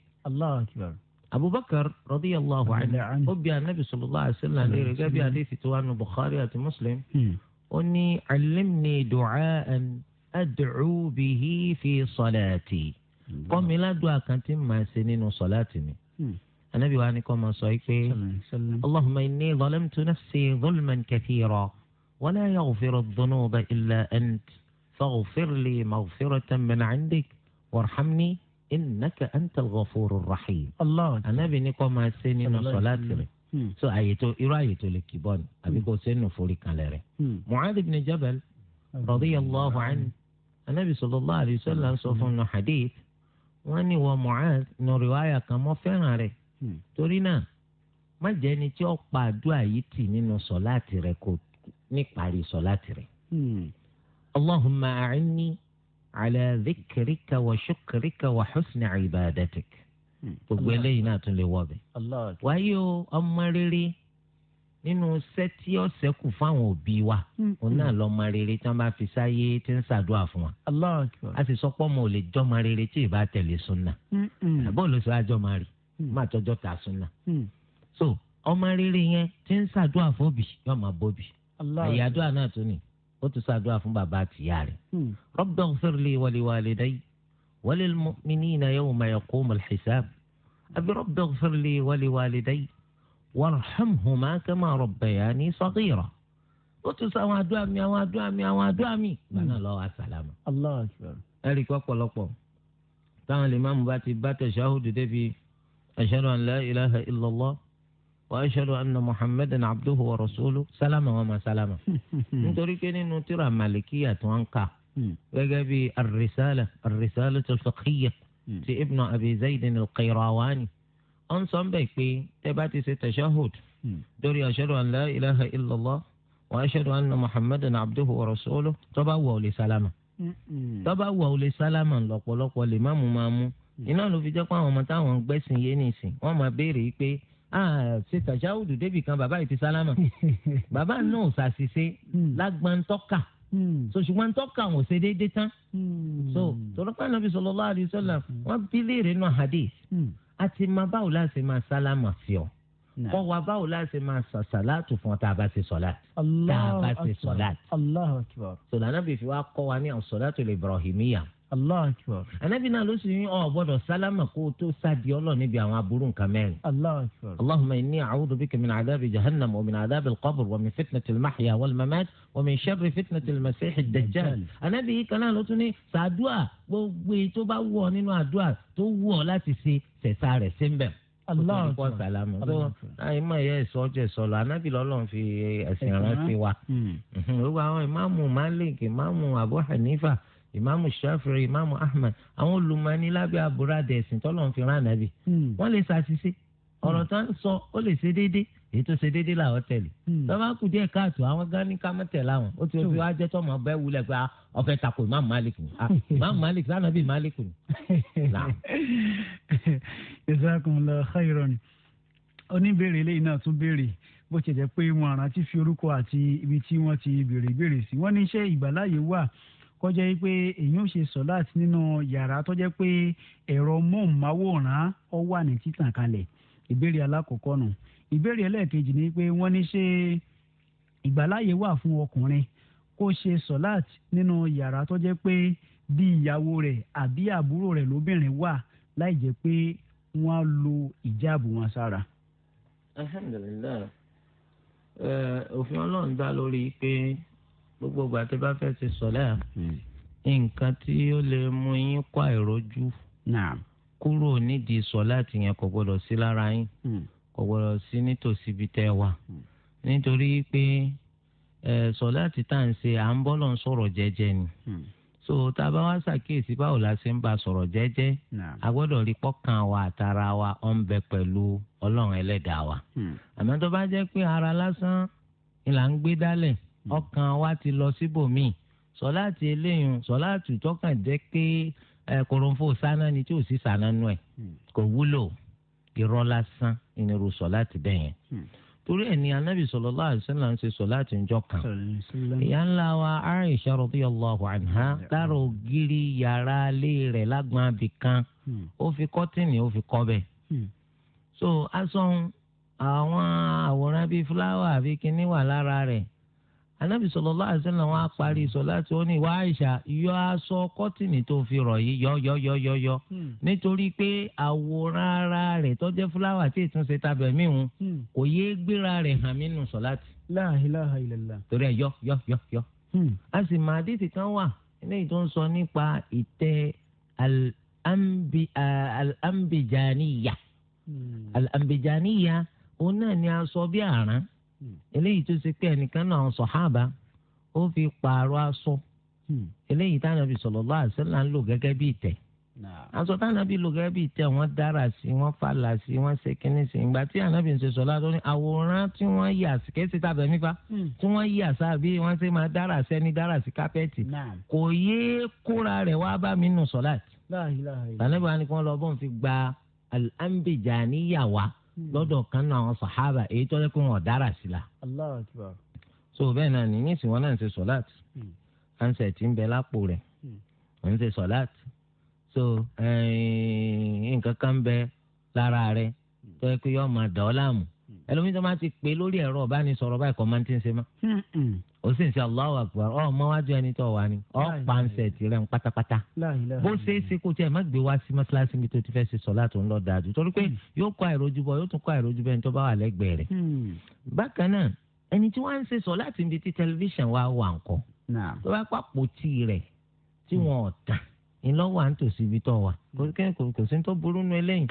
abubakar radiyallahu anhu ó bi anabi sallallahu alayhi wa sallam léèrè gẹ́gẹ́ bí adé ti tó wà nù bukhari àti muslim ó ní alimni du'a'an. أدعو به في صلاتي قم لا دعاء كنت ما سنين صلاتني النبي وأنا كما صحيح اللهم إني ظلمت نفسي ظلما كثيرا ولا يغفر الذنوب إلا أنت فاغفر لي مغفرة من عندك وارحمني إنك أنت الغفور الرحيم الله أنا نكو ما سنين صلاتني سو أيتو إرايتو irú àyè tó lè kì bọ́ ni àbí kò sínú forí anabi sallallahu alaihi wasallam sọ fún un hadith wọn ní wọ Mu'adh nù rìwáyà kan mọ fẹ́ràn rẹ̀ hmm. torí náà má jẹ́ ẹni tí ó pa àdúrà yìí tì nínú sọláàtì rẹ̀ kò níparí sọláàtì rẹ̀. Hmm. allahumma a'inni ala dhikrika wa shukrika wa husni ibadatik. Hmm. gbogbo eléyìí náà tún nínú iṣẹ́ tí ó ṣẹ́kù fáwọn òbí wa hmm. òun náà lọ ma rere tí wọ́n bá fi sáyé tí ń ṣàdúrà fún wa. a sì sọ pé ọmọ ò lè jọ́ ma rere tí ì tẹ̀lé sunna hmm. àbọ̀ ló sọ àjọ ma rè hmm. má tọ́jọ́ ta sunna. so ọmọ rere yẹn tí ń ṣàdúrà fóbi yóò máa bóbi àyè àdúrà náà tún ni ó tún ṣàdúrà fún bàbá àtìyá rẹ̀. rabbighfir li wa li walidayya wa lil mu'minina yawma yaqumul وارحمهما كما ربياني صغيرا وتساوى دوامي او دوامي او دوامي بنا الله السلام الله اكبر اريك وقل لكم تعالى الامام باتي بات شهود دبي اشهد ان لا اله الا الله واشهد ان محمدا عبده ورسوله سلام وما سلام انت ركني نترى مالكية وانكا وقبي الرسالة الرسالة الفقهية في ابن ابي زيد القيرواني ó ń sọ ń bẹ̀ pé tẹ bá ti ṣe tashahhud hmm. lórí ashhadu an la ilaha illallah wa ashhadu anna muhammadan abduhu wa rasuluhu tó bá wù ọ́ lè sálámà hmm. tó bá wù ọ́ lè sálámà lọ́pọ̀lọpọ̀ lè má mú máa mú hmm. iná ló fi jẹ́ pé àwọn ọmọ táwọn gbẹ́sìn yé nìsín wọ́n máa béèrè pé ṣe tàṣàwùdù débì kan bàbá yìí sálámà [LAUGHS] bàbá náà ṣàṣìṣe lágbàntọ́kà so ṣùgbọ́n tọ́ka àwọn ò ṣe déédéé tán so tọ́lọ́pàá nàbí sallallahu alaihi wasallam wọ́n bí léèrè náà hadith a ti máa báwo la ṣe máa sálámà sí ọ kọ́ wa báwo la ṣe máa sọ sàlátù fún ọ tá a bá ṣe sọ̀láàtì tá a bá ṣe sọ̀láàtì. sọ̀lá náà bìí fi wá kọ́ wa ní àwọn sọ̀láàtù Ibrahimiyya Allahu Akbar. Ànábì náà ló sì ní ọ̀ gbọ́dọ̀ sálámà kó o tó sáàdì ọlọ́ níbi àwọn aburú nǹkan mẹ́rin. Allahu Akbar. Allahumma inni a'udhu bika min adhabi jahannam wa min adhabi al-qabr wa min fitnati al-mahya wal-mamat wa min sharri fitnati al-masih ad-dajjal. Ànábì yìí kan náà ló tún ní sàdúà gbogbo èyí tó bá wù ọ nínú àdúà tó wù ọ láti ṣe ṣẹ̀ṣà rẹ̀ sí ń bẹ̀. Allahu Akbar. àìmọ̀ ẹ̀yẹ ìsọjọ́ ìsọlọ anábì lọ́lọ́run fi ẹ̀sìn rántí wa. Hmm. gbogbo àwọn ìmáàmù shafi'i ìmáàmù ahmed àwọn olùmọ̀ọ́ni lábẹ́ àbúradà ẹ̀sìn tọ́lọ́ fi rán ànábì hmm. wọ́n lè ṣàṣìṣe hmm. ọ̀rọ̀ tó ń sọ ó lè ṣe déédéé èyí tó ṣe déédéé làwọn tẹ̀lé hmm. tó bá kù díẹ̀ káàtó àwọn gan ní ká má tẹ̀lé àwọn ó ti fi wá jẹ́ tó máa bẹ́ wulẹ̀ pé ọ̀fẹ́ ah, tako ìmáàmù malik ni ìmáàmù ah, [LAUGHS] malik lánàá bí malik ni. [LAUGHS] jazakumullahu khairan oníbèrè lẹ́yìn náà tún béèrè bó ṣe jẹ́ pé wọn àrántí fi orúkọ àti ibi tí wọ́n ti béèrè ìbéèrè sí wọ́n ní iṣẹ́ ìgbàláyé wà kọjá yìí pé èyàn ò ṣe sọ̀láàt nínú yàrá tó jẹ́ pé ẹ̀rọ móhùnmáwòrán ó wà ní títàn kalẹ̀ ìbéèrè alákọ̀ọ́kọ́ nù ìbéèrè ẹlẹ́ẹ̀kejì ni pé wọ́n ní ṣe ìgbàláyè wà fún ọkùnrin kó ṣe sọ̀láàt nínú yàrá tó jẹ́ pé bí ìyàwó rẹ̀ àbí àbúrò rẹ̀ lóbìnrin wà láì jẹ́ pé wọ́n á lo ìjáàbù wọn sára. alhamdulilayi òfin ọlọ́run dá lórí pé. Pe gbogbo ìgbà tí bá fẹ́ ṣe sọ̀lá hmm. nǹkan tí ó lè mú yín kwa kúrò nídìí sọ̀lá tìyẹn kò gbọdọ̀ sí lára yín hmm. kò sí nítòsí ibi tẹ́ wà hmm. nítorí pé sọ̀lá ti tá à ń à ń bọ́ sọ̀rọ̀ jẹ́jẹ́ ni so tá a bá wá ṣàkíyèsí sọ̀rọ̀ jẹ́jẹ́ a gbọ́dọ̀ rí pọ́kàn wa pẹ̀lú ọlọ́run Hmm. ọkàn wa ti lọ síbòmíì sọláàtì eléyìí sọláàtì tọkàn jẹ́ pé koronfo sáná ni tí ò sí sáná nù ẹ̀ hmm. kò wúlò irọ́ lásán ìnirú sọláàtì bẹ́ẹ̀ yẹn hmm. torí ẹni anabi sallallahu alaihi wasallam ń ṣe sọláàtì ńjọ́ kan ìyá ńlá wa Aisha radiyallahu anha lára ògiri yàrá ilé rẹ̀ lágbọn abì kan ó fi kọ́tìnì ó fi kọ́ bẹ́ẹ̀ so aṣọ àwọn àwòrán bíi fúláwà bíi kinní wà lára rẹ̀ anabi sallallahu alaihi wasallam á parí sọlá tí ó ní ìwà àìsà yọ aṣọ kọ́tìnì tó fi rọ̀ yìí yọ yọ yọ yọ yọ hmm. nítorí pé àwòrán ara rẹ̀ tó jẹ́ fúláwà tí ìtúnṣe tabẹ̀ mìíràn hmm. kò yéé gbéra rẹ̀ hàn mí nù sọlá tì. la ilaha illallah. torí ẹ yọ yọ yọ yọ. Hmm. a sì máa dìtì kan wà eléyìí tó ń sọ nípa ìtẹ́ al-ambijaniya òun náà ni aṣọ bí àrán. Hmm. eléyìí tó ṣe pé ẹnìkan náà sọ̀hábà ó fi pààrọ̀ aṣọ hmm. eléyìí tánàbí sallallahu alaihi wasallam ń lò gẹ́gẹ́ bí ìtẹ̀ aṣọ tánàbí lò gẹ́gẹ́ bí ìtẹ̀ wọ́n dára sí wọ́n falà sí wọ́n ṣe kínní sí ìgbà tí ànábì ń ṣe sọ̀lá tó ní àwòrán tí wọ́n yà sí kéṣe tàbí mífa hmm. tí wọ́n yà sábí wọ́n ṣe máa dára sẹ́ni dára sí kápẹ́ẹ̀tì kò yé kóra rẹ̀ wá bá mi nù sọ̀lá tànàbí wa ni kí wọ́n lọ bọ́n fi gba al lọ́dọ̀ kan náà àwọn sàhábà èyí tọ́jú pé wọn dára sí la. so bẹ́ẹ̀ náà ní nísìn wọn náà ń ṣe sọ́láàt à ń ṣe tí ń bẹ lápò rẹ̀ à hmm. ń ṣe sọ́láàt so nǹkan kan ń bẹ lára rẹ̀ hmm. tọ́jú pé yóò máa dà ọ́ láàmú ẹlòmíín tó máa ti pè lórí ẹ̀rọ ọ̀bánisọ̀rọ̀ báyìí kọ́ máa ń ti ń ṣe mọ́. ó sì ń ṣe Allahu Akbar ọ mọ́wájú ẹni tó wà ní ọ pàǹsẹ̀ tirẹ̀ ń pátápátá. bó ṣe é ṣe kó tiẹ̀ má gbé wá sí mọ́ṣáláṣí mi tó ti fẹ́ ṣe sọ̀lá tó ń lọ dáa jù torí pé mm. yóò kọ́ àìrójú bọ̀ yóò tún kọ́ àìrójú bẹ́ẹ̀ tó bá wà lẹ́gbẹ̀ẹ́ rẹ̀. Mm. bákan náà ẹni tí wọ́n ń ṣe sọ̀lá ti ibi tí tẹlifíṣàn wa wà ńkọ́ tó bá pàpọ̀ tí rẹ̀ mm. ìlọ́wọ́ à ń tòsí ibi tó wà kò sí tó burú nu eléyìí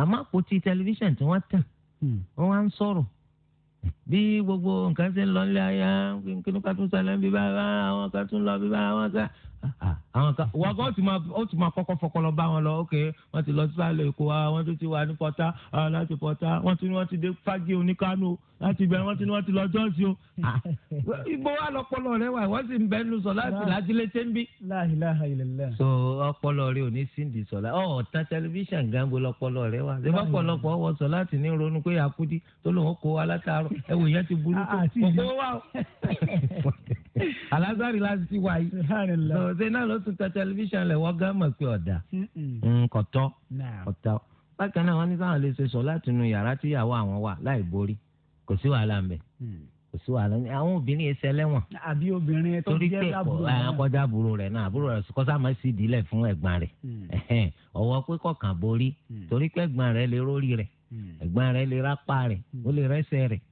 àmọ́ àpótí tẹlifíṣàn tí wọ́n tàn Hmm. wọn wá ń sọ̀rọ̀ bí gbogbo nǹkan ṣe ń lọ nílé ayé kíni ká tún sálẹ̀ bíbá àwọn kan tún lọ bíbá àwọn kan àwọn kan wọn kan ó ti máa kọ́kọ́ fọkọlọ bá wọn lọ ok wọn ti lọ sísàlẹ̀ èkó wa wọn tún ti wà ní pọ́tà láti pọ́tà wọn tún ní wọn ti dé fagi oníkanu láti bẹ̀rẹ̀ wọn tún ní wọn ti lọ jọ́ọ̀sì o. ibo wa lọpọlọ rẹ wà wọ́n sì ń bẹ́ nu sọ láti láti létí ń bí. so ọpọlọ rẹ ò ní síndì sọlá ọ ta tẹlifíṣàn gánbo lọpọlọ rẹ wà ṣé bọ́pọ̀lọpọ̀ wọ sọ láti ní ronú pé àkúdí tó lóun kó wa látàárọ̀ ẹ̀wò [LAUGHS] [LAUGHS] alazari láti ti wáyé ṣe náà ló tún ta tẹlifíṣàn lẹ wọ́n gán mọ̀ pé ọ̀dà mm, kọ̀tọ́ kọ̀tọ́ bákan náà wọ́n ní sáwọn lè ṣe sọ láti inú yàrá tí ìyàwó àwọn wà láì borí kò sí wàhálà ń bẹ mm. kò sí wàhálà ní àwọn obìnrin ẹsẹ lẹ́wọ̀n. àbí obìnrin tó jẹ́ lábúrò rẹ̀ torí pé kọjá àbúrò rẹ̀ náà àbúrò rẹ̀ kọ́sá máa sì dílẹ̀ fún ẹ̀gbọ́n rẹ̀ mm. ọ̀wọ́ pé kọ̀ọ̀kan borí torí pé ẹ̀gbọ́n rẹ̀ lè rórí rẹ̀ Hmm. ẹ̀gbọ́n rẹ̀ lè rápá rẹ̀ hmm. ó lè rẹ́sẹ̀ rẹ̀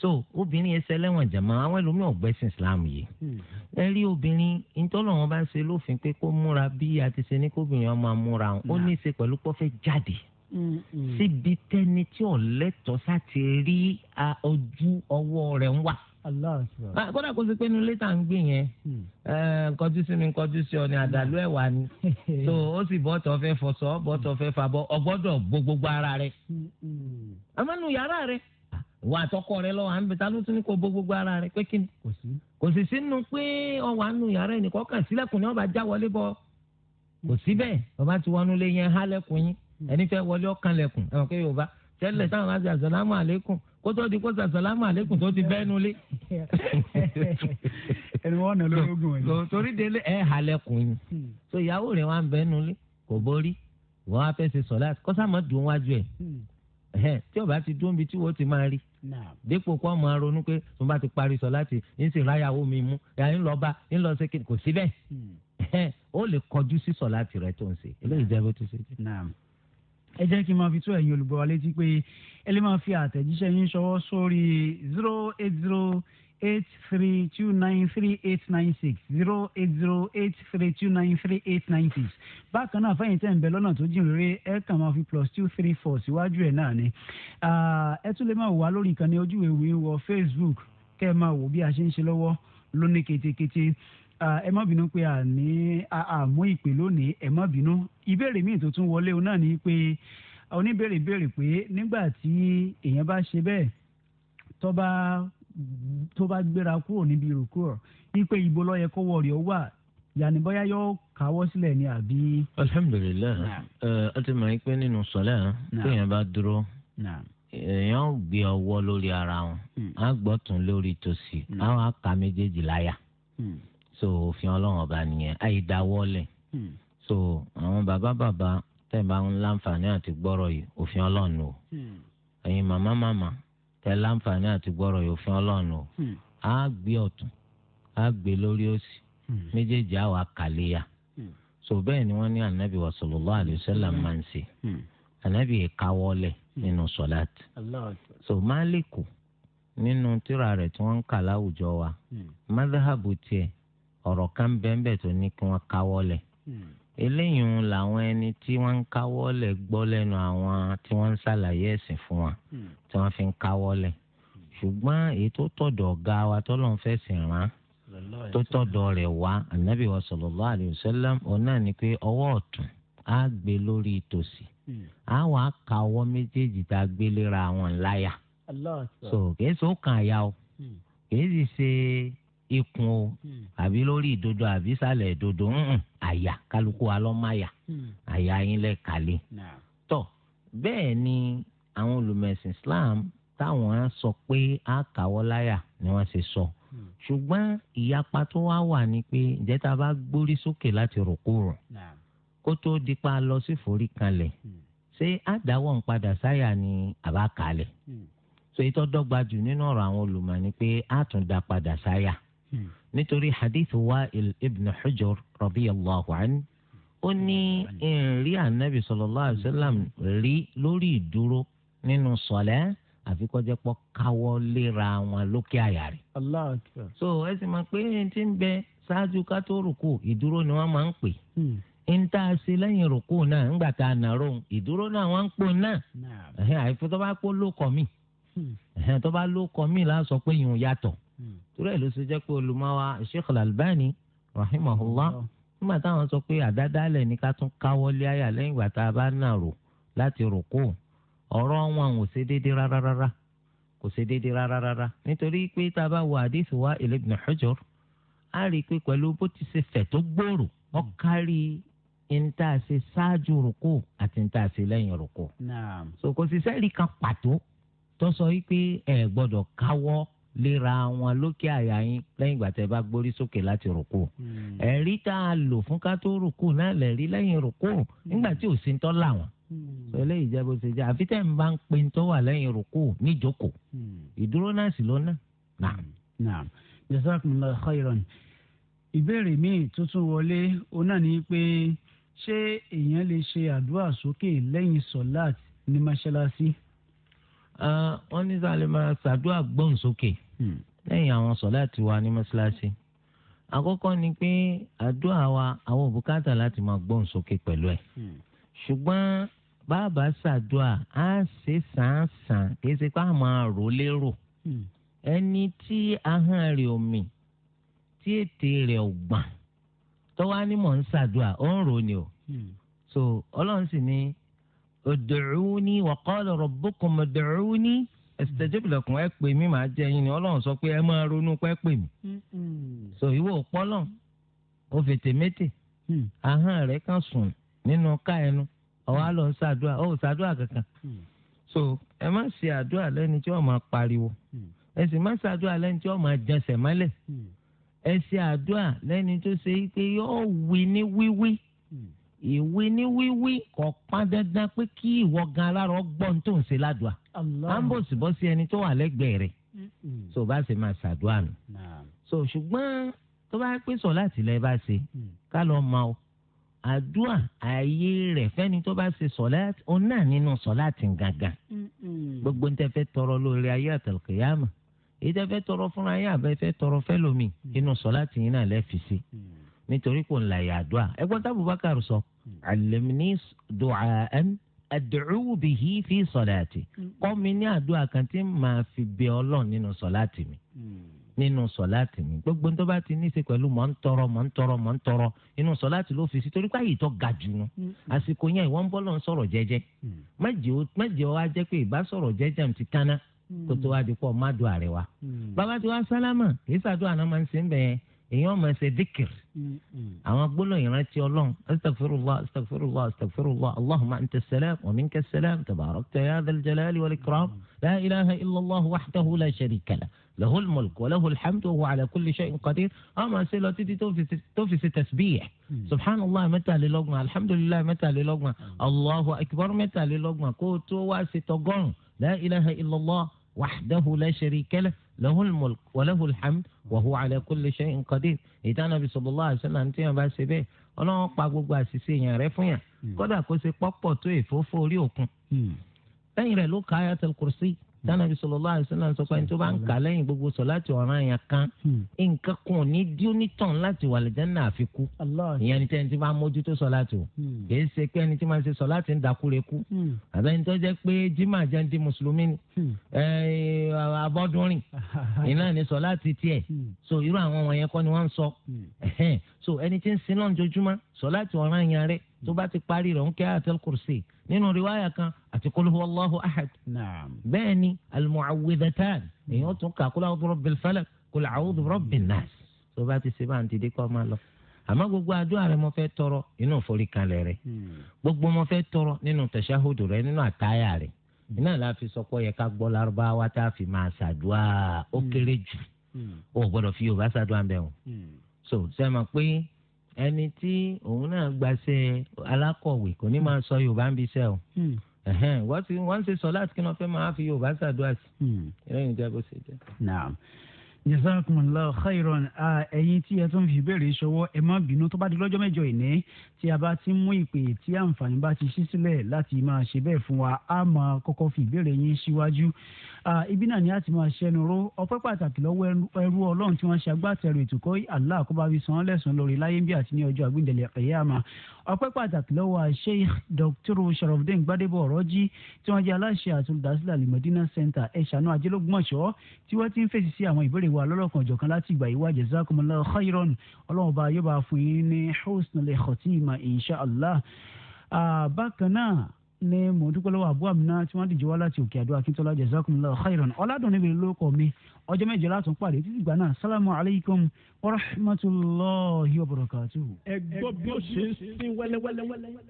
so obìnrin ẹsẹ̀ lẹ́wọ̀n jàmọ́ àwọn ẹlòmíì ọ̀gbẹ́sìn islam yìí hmm. ẹ rí obìnrin ìtọ́lọ̀ wọn bá ń ṣe lófin pé kó múra bí a ti ṣe ní kóbìnrin ọmọ amúra wọn ó ní í ṣe pẹ̀lú pọ́fẹ́ jáde síbi tẹ́ni tí ọ̀lẹ́tọ̀ sá ti rí ojú ọwọ́ rẹ̀ ń wà. Ah, kódà kó sì pé inú létà ń gbé yẹn hmm. eh, kọjú sí mi kọjú sí ọ ni àdàlú ẹ̀ wà ní tó [LAUGHS] ó sì bọ́tọ̀ fẹ́ fọṣọ bọ́tọ̀ fẹ́ fàbọ̀ ọgbọ́dọ̀ gbogbogbò ara rẹ̀ amánú hmm, hmm. yàrá rẹ̀ wà àtọkọ rẹ̀ lọ́wọ́ à ń bẹ ta ló tún ní kó gbogbogbò ara rẹ̀ pé kí ni kò sì sínú pé ọwọ́ àánú yàrá ẹ̀ nìkan kàn sílẹ̀kùn ni wọ́n bá já wọlé bọ́ kò síbẹ̀ bàbá ti wọnú lé yẹn hálẹ̀kùn yín ẹni fẹ́ wọlé ọ̀kanlẹ̀kùn ẹ̀ tẹ́lẹ̀ táwọn á ṣe àṣàlámù àlékún kó tó di kó sàṣàlámù àlékún tó ti bẹ́ẹ̀ nulẹ̀. [LAUGHS] ẹni wọn nà lórógùn ẹ. torí délé ẹ halẹ̀kùn yín hmm. so ìyàwó rẹ̀ wà ń bẹ́ẹ̀ nulẹ̀ kò borí wọ́n á fẹ́ ṣe sọ̀lá kọ́sàmọ́ dùn wájú ẹ̀ hmm. tí o bá ti dún bí tí wọ́n ti máa rí dípò kó máa ronú pé tó bá ti parí sọ láti ń sì ráyàwó mi mú yàrá ń lọ bá ń lọ sí kò síbẹ̀ hmm. ó lè kọjú sí sọ láti tó ń ṣe eléyìí jẹ́ bó ti ṣe ẹ jẹ́ kí n máa fi tó ẹ̀yin olùgbọ́ wa létí pé ẹ lè máa fi àtẹ̀jíṣẹ́ yín ṣọwọ́ sórí zero eight zero eight three two nine three eight nine six zero eight zero eight three two nine three eight nine six bákan náà fẹ́yìntì ẹ̀ ń bẹ lọ́nà tó jìn rere ẹ kàn máa fi plus two three four síwájú ẹ̀ náà ni ẹ tún lè máa wà lórí ìkànnì ojú ìwé wọ Facebook kẹ́ ẹ máa wò bí a ṣe ń ṣe lọ́wọ́ lóní ketekete. Kete ẹ má bínú pé a ní àmú ìpè lónìí ẹ má bínú ìbéèrè míì tó tún wọlé o náà ni pé oníbèrè béèrè pé nígbà tí èèyàn bá ṣe bẹ́ẹ̀ tó bá tó bá gbéra kúrò níbi ìrùkú rẹ̀ wípé ibo ló yẹ kó wọ̀ rí ọ wà yàní bóyá yóò káwọ́ sílẹ̀ ni àbí. alhamdulilayi ẹ ti mọ̀ pé nínú sọ́lá téèyàn bá dúró èèyàn ò gbé ọwọ́ lórí ara wọn hmm. á gbọ́tún lórí tòsí àwọn hmm. àka méjèèjì láyà. Hmm so òfin ọlọ́run ọba nìyẹn àìdáwọ́lẹ̀ hmm. so àwọn bàbá bàbá tẹ̀ bá ń láǹfààní àti gbọ́rọ̀ yìí òfin ọlọ́run o hmm. ẹ̀yin màmá màmá tẹ̀ láǹfààní àti gbọ́rọ̀ yìí òfin ọlọ́run o á hmm. gbé ọ̀tún á gbé lórí òsì méjèèjì á wà kàléyà so bẹ́ẹ̀ ni wọ́n ní anabi wa sallallahu alayhi sallam máa ń ṣe anabi ìkáwọ́lẹ̀ nínú sọ̀láàtì so máàlíkù nínú tíra rẹ̀ tí wọ́n ń kà láwùjọ wa madhahabu tiẹ̀ ọ̀rọ̀ kan bẹ́ẹ̀ tó ní kí wọ́n káwọ́ lẹ̀ hmm. eléyìí làwọn ẹni tí wọ́n ń káwọ́ lẹ̀ gbọ́ lẹ́nu àwọn tí wọ́n ń ṣàlàyé ẹ̀sìn fún wa hmm. tí wọ́n fi ń káwọ́ lẹ̀ ṣùgbọ́n èyí tó tọ̀dọ̀ ọ̀gá wa tọ́lọ́n fẹ́ sìn rán tó tọ̀dọ̀ rẹ̀ wá ànábì wa sallallahu alayhi wa sallam òun náà ni pé ọwọ́ ọ̀tún á gbé lórí ìtòsí hmm. á wàá méjèèjì tá a gbé léra àwọn ńláyà so kìí ṣe ó kàn yá o kìí ṣe ikùn o hmm. àbí lórí ìdodo àbí sàlẹ̀ ìdodo àyà kálukú alọ́máyà hmm. àyà yín lẹ́ kàlẹ́ tọ́ bẹ́ẹ̀ ni àwọn olùmẹ̀sìn Islam táwọn á sọ pé á kàwọ́ láyà ni wọ́n ṣe sọ hmm. ṣùgbọ́n ìyapa tó wá wà ni pé ǹjẹ́ tá a bá gbórí sókè láti rùkú rùn kó tó di pa lọ sí forí kanlẹ̀ ṣé àdáwọ̀ ń padà sáyà ni àbá kalẹ̀ so ìtọ́dọ́gba jù nínú ọ̀rọ̀ àwọn olùmọ̀ ni pé á tún dá padà sáyà. Hmm. Hmm. nítorí hadith Wa'il ibn Hujr radiyallahu anhu ó ní ìrìn anabi sallallahu alaihi wasallam rí lórí ìdúró nínú sọlẹ àfi kọjá pọ káwọ́ léra wọn lókè àyà so ẹ sì máa pé ẹni tí ń bẹ ṣáájú ká tó rùkù ìdúró ni wọn máa ń pè. ń hmm. tá a ṣe lẹ́yìn rùkù náà ńgbà tá a nàró ìdúró náà ń hmm. sọ pé yàtọ̀. torí ẹ̀ ló ṣe jẹ́ pé olùmọ́wá Sheikh albani rahimahullah nígbà táwọn sọ pé àdádálẹ̀ ní ká tún káwọ́lé àyà lẹ́yìn ìgbà tá a bá nà rò láti rò kó ọ̀rọ̀ wọn ò ṣe déédéé rárá kò ṣe déédéé rárá nítorí pé tá a bá wo àdéhùn wa ibn Hajar á rí i pé pẹ̀lú bó ti ṣe fẹ̀ tó gbòòrò wọ́n kárí ìntà ṣe ṣáájú rúkú àti ìntà ṣe lẹ́yìn rúkú. so kò sì sẹ́ẹ̀lì kan pàtó tó sọ wípé ẹ gbọ́dọ̀ káwọ́ léra wọn lókè àyà yín lẹ́yìn ìgbà tẹ́ bá gbórí sókè láti rùkù. Hmm. ẹ̀rí tá a lò fún ká tó rùkù náà lẹ̀rí lẹ́yìn rùkù hmm. nígbà tí ò sí ń tọ́ là wọ́n. Hmm. sọlẹ́ ìjẹ́bù ṣe jẹ́ àfi tẹ́ ń bá ń pe tó wà lẹ́yìn rùkù níjókòó ìdúró náà sì lọ́nà. ìbéèrè míì tuntun wọlé òun ni pé ṣé èèyàn lè ṣe àdúrà sókè lẹ́yìn sọ̀láàt ní mọ́ṣáláṣí Ah, wọ́n ní sàlẹ̀ máa ṣàdúrà gbọ́n sókè hmm. lẹ́yìn àwọn sọ̀lá ti wà ní mọ́ṣáláṣí àkọ́kọ́ ni pé àdúrà wa àwọn òbúkátà láti máa gbọ́n sókè pẹ̀lú ẹ̀ hmm. ṣùgbọ́n bàbá ṣàdúrà á ṣe sàǹsàn kì í ṣe pé a máa rò lérò hmm. ẹni tí ahọ́n rẹ̀ ò mì tí ètè rẹ̀ ò gbọ̀n tọ́wá ni mò ń ṣàdúrà ó ń rò ni o so ọlọ́run sì ni ud'uni wa qala rabbukum ud'uni ẹsìtẹ́jọ́ ìlẹ̀kùn ẹ pè mí màá jẹ yín ni ọlọ́run sọ pé ẹ máa ronú pé pè mí. so ìwọ pọ́lọ̀ ó fètè mété hmm. ahọ́n rẹ̀ kan sùn nínú ká ẹnu ọ̀wá lọ ń ṣàdúrà ó ṣàdúrà kankan. Hmm. so ẹ má ṣe àdúrà lẹ́ni tí wọ́n máa pariwo hmm. ẹ sì má ṣàdúrà lẹ́ni tí wọ́n máa jẹsẹ̀ mọ́lẹ̀ ẹ ṣe àdúrà lẹ́ni tó ṣe pé yóò wí ní wíwí. Hmm ìwé ní wíwí kò pọn dandan pé kí ìwọ gan alárò gbọ́n tó ń ṣe ládùá ambos bọ́ sí ẹni tó wà lẹ́gbẹ̀ẹ́ rẹ̀ so bá ṣe máa ṣàdúrà nù so ṣùgbọ́n tó bá pé sọ láti lẹ́ bá ṣe mm. ká lọ́ọ́ máa o àdúà ààyè rẹ̀ fẹ́ni tó bá ṣe sọ̀láàtì òun náà nínú sọ̀láàtì gangan gbogbo ń tẹ́fẹ́ tọrọ lórí ayé àtàlùkìyàmà èyí tẹ́fẹ́ tọrọ fúnra yín àbẹ́fẹ́ tọrọ fẹ́lómi nínú mm. sọ̀láàtì yín náà lẹ́fìsí mm. nítorí kò ń la ìyá àdúà ẹgbọ́n tábùbákàr sọ allimni du'aan ad'u bihi fi salati kọ́ mi ní àdúrà kan tí màá fi bẹ ọlọ́run nínú sọ̀láàtì mi nínú sọ̀láàtì mi gbogbo tó bá ti ní í ṣe pẹ̀lú mọ̀ ń tọrọ mọ̀ ń tọrọ mọ̀ ń tọrọ inú sọ̀láàtì ló fi sí torí pé àyè tó ga jù nù mm. àsìkò yẹn ìwọ́n ń bọ́ lọ́n sọ̀rọ̀ jẹ́jẹ́ mẹ́jẹ̀ mm. wá jẹ́ pé ìbá sọ̀rọ̀ jẹ́jẹ́ mi ti tánná mm. kó tó wá di pọ̀ má dùn àrẹwà bàbá tí wàá sálámà kì í sàdúrà náà máa ń ṣe ń bẹ̀yẹn èèyàn máa ṣe díkìr àwọn gbólóyìn ìrántí ọlọ́run astagfirullah astagfirullah astagfirullah allahumma anta salam wa minka salam tabarakta ya dhal jalali wal ikram la ilaha illallah wahdahu la sharika lah lahul mulk wa lahul hamd wa ala kulli shay'in qadir a máa ṣe lọ títí tó fi ṣe subhana allah tasbih subhanallah mẹ́tàlélọ́gbọ̀n alhamdulilayi lọgbọn allahu akbar lọgbọn kó tó wá sí tọgọ́rùn la ilaha illallah wahdahu la sharika lah له الملك وله الحمد وهو على كل شيء قدير. shay'in qadir ìtàn Ànábì sallallahu alaihi wasallam tí yẹn bá ṣe bẹ́ẹ̀ Ọlọ́run pa gbogbo àṣìṣe yẹn rẹ fún yẹn kódà kó ṣe pọ́pọ̀ tó èfófó orí òkun lẹ́yìn rẹ̀ ló ka ayatul kursi tánàbí sallallahu alaihi wasallam sọ pé ẹni tó bá ń kà lẹ́yìn gbogbo sọ̀láàtì ọ̀ràn yẹn kan hmm. nǹkan kan ò ní dí onítàn láti wà lẹ́jẹ̀nà àfikún ìyẹn ni tẹ́ni tí bá mójútó sọ̀láàtì o hmm. kìí ṣe pé ẹni tí máa ṣe sọ̀láàtì ń dakúrekú hmm. àbẹ́ni tó jẹ́ pé jimá jẹ́ ń mùsùlùmí ni abọ́dúnrìn [LAUGHS] iná ni sọ̀láàtì tiẹ̀ so irú àwọn wọ̀nyẹn kọ́ ni wọ́n ń sọ so ẹni tí ń sin náà jojúmọ́ sọláàtì ọ̀ràn yẹn rẹ tó bá ti parí rẹ̀ ń kẹ́ àti kùrùsì nínú riwaya kan àti kólú wàlláhu ahad bẹ́ẹ̀ ni almuawidatan èèyàn tún kà kúlọ̀ àwùjọ rabbil falak kúlọ̀ àwùjọ rabbin nas tó bá ti ṣe bá ń ti dé kọ́ máa lọ àmọ́ gbogbo àdúrà rẹ mo fẹ́ tọrọ nínú ìforíkalẹ̀ rẹ hmm. gbogbo mo fẹ́ tọrọ nínú tẹ̀síáhùdù rẹ nínú àtáyà rẹ hmm. iná la fi sọ pé ó ká gbọ́ lárúbáwá tá a fi máa ṣàdúrà ó hmm. kéré jù ó gbọ́dọ̀ fi yorùbá ṣàdúrà bẹ́ẹ̀ o so sẹ́mi pé ẹni tí òun náà gbaṣẹ́ alákọ̀wé kò ní máa sọ yorùbá ń bíṣẹ́ o hmm. wọ́n ti wọ́n ṣe sọ láti kí wọ́n fẹ́ máa fi yorùbá ṣàdúrà sí ẹlẹ́yin hmm. jẹ́ bó ṣe jẹ́. jazakumullahu khairan ẹ̀yin tí ẹ tún fi béèrè ṣọwọ́ ẹ má bínú tó bá di lọ́jọ́ mẹ́jọ ìní tí a bá ti mú ìpè tí àǹfààní bá ti ṣí sílẹ̀ láti máa ṣe bẹ́ẹ̀ fún wa a máa kọ́kọ́ fi ìbéèrè yín síwájú ibi náà ni a ti máa ṣẹnu ró ọpẹ́ pàtàkì lọ́wọ́ ẹrú ọlọ́run tí wọ́n ṣe agbátẹrù ètò kọ́ Allah kó bá fi san án lẹ́sùn lórí láyé bí àti ní ọjọ́ àgbéǹdẹ̀lẹ̀ kíyámà ọpẹ́ pàtàkì lọ́wọ́ Sheikh Dr. Sharafdin Gbadebo Ọ̀rọ́jí tí wọ́n jẹ́ aláṣẹ àtúndásílẹ̀ alimọ̀dínà center ẹ̀ṣánú ajẹ́lógúnmọ̀ṣọ́ tí wọ́n ti ń fèsì sí àwọn ìbéèrè wa lọ́lọ́kan ọ̀jọ̀kan láti ìgbà yìí wá jazakumullahu khairan ọlọ́run insha Allah bákan náà ní mọ̀ọ́dúpẹ́lọ́wọ́ àbú àmìnà tí wọ́n dìjọ́ wá láti òkè àdó akíntola jazakumullahu khairan ọ̀làdùn níbi lóko mi ọjọ́ mẹ́jọ látún pàdé títí gbà náà sálámù alaykum wa rahmatulahi wa barakatuhu. ẹ gbọ́ bí ó ṣe ń sin wẹ́lẹ́wẹ́lẹ́wẹ́lẹ́.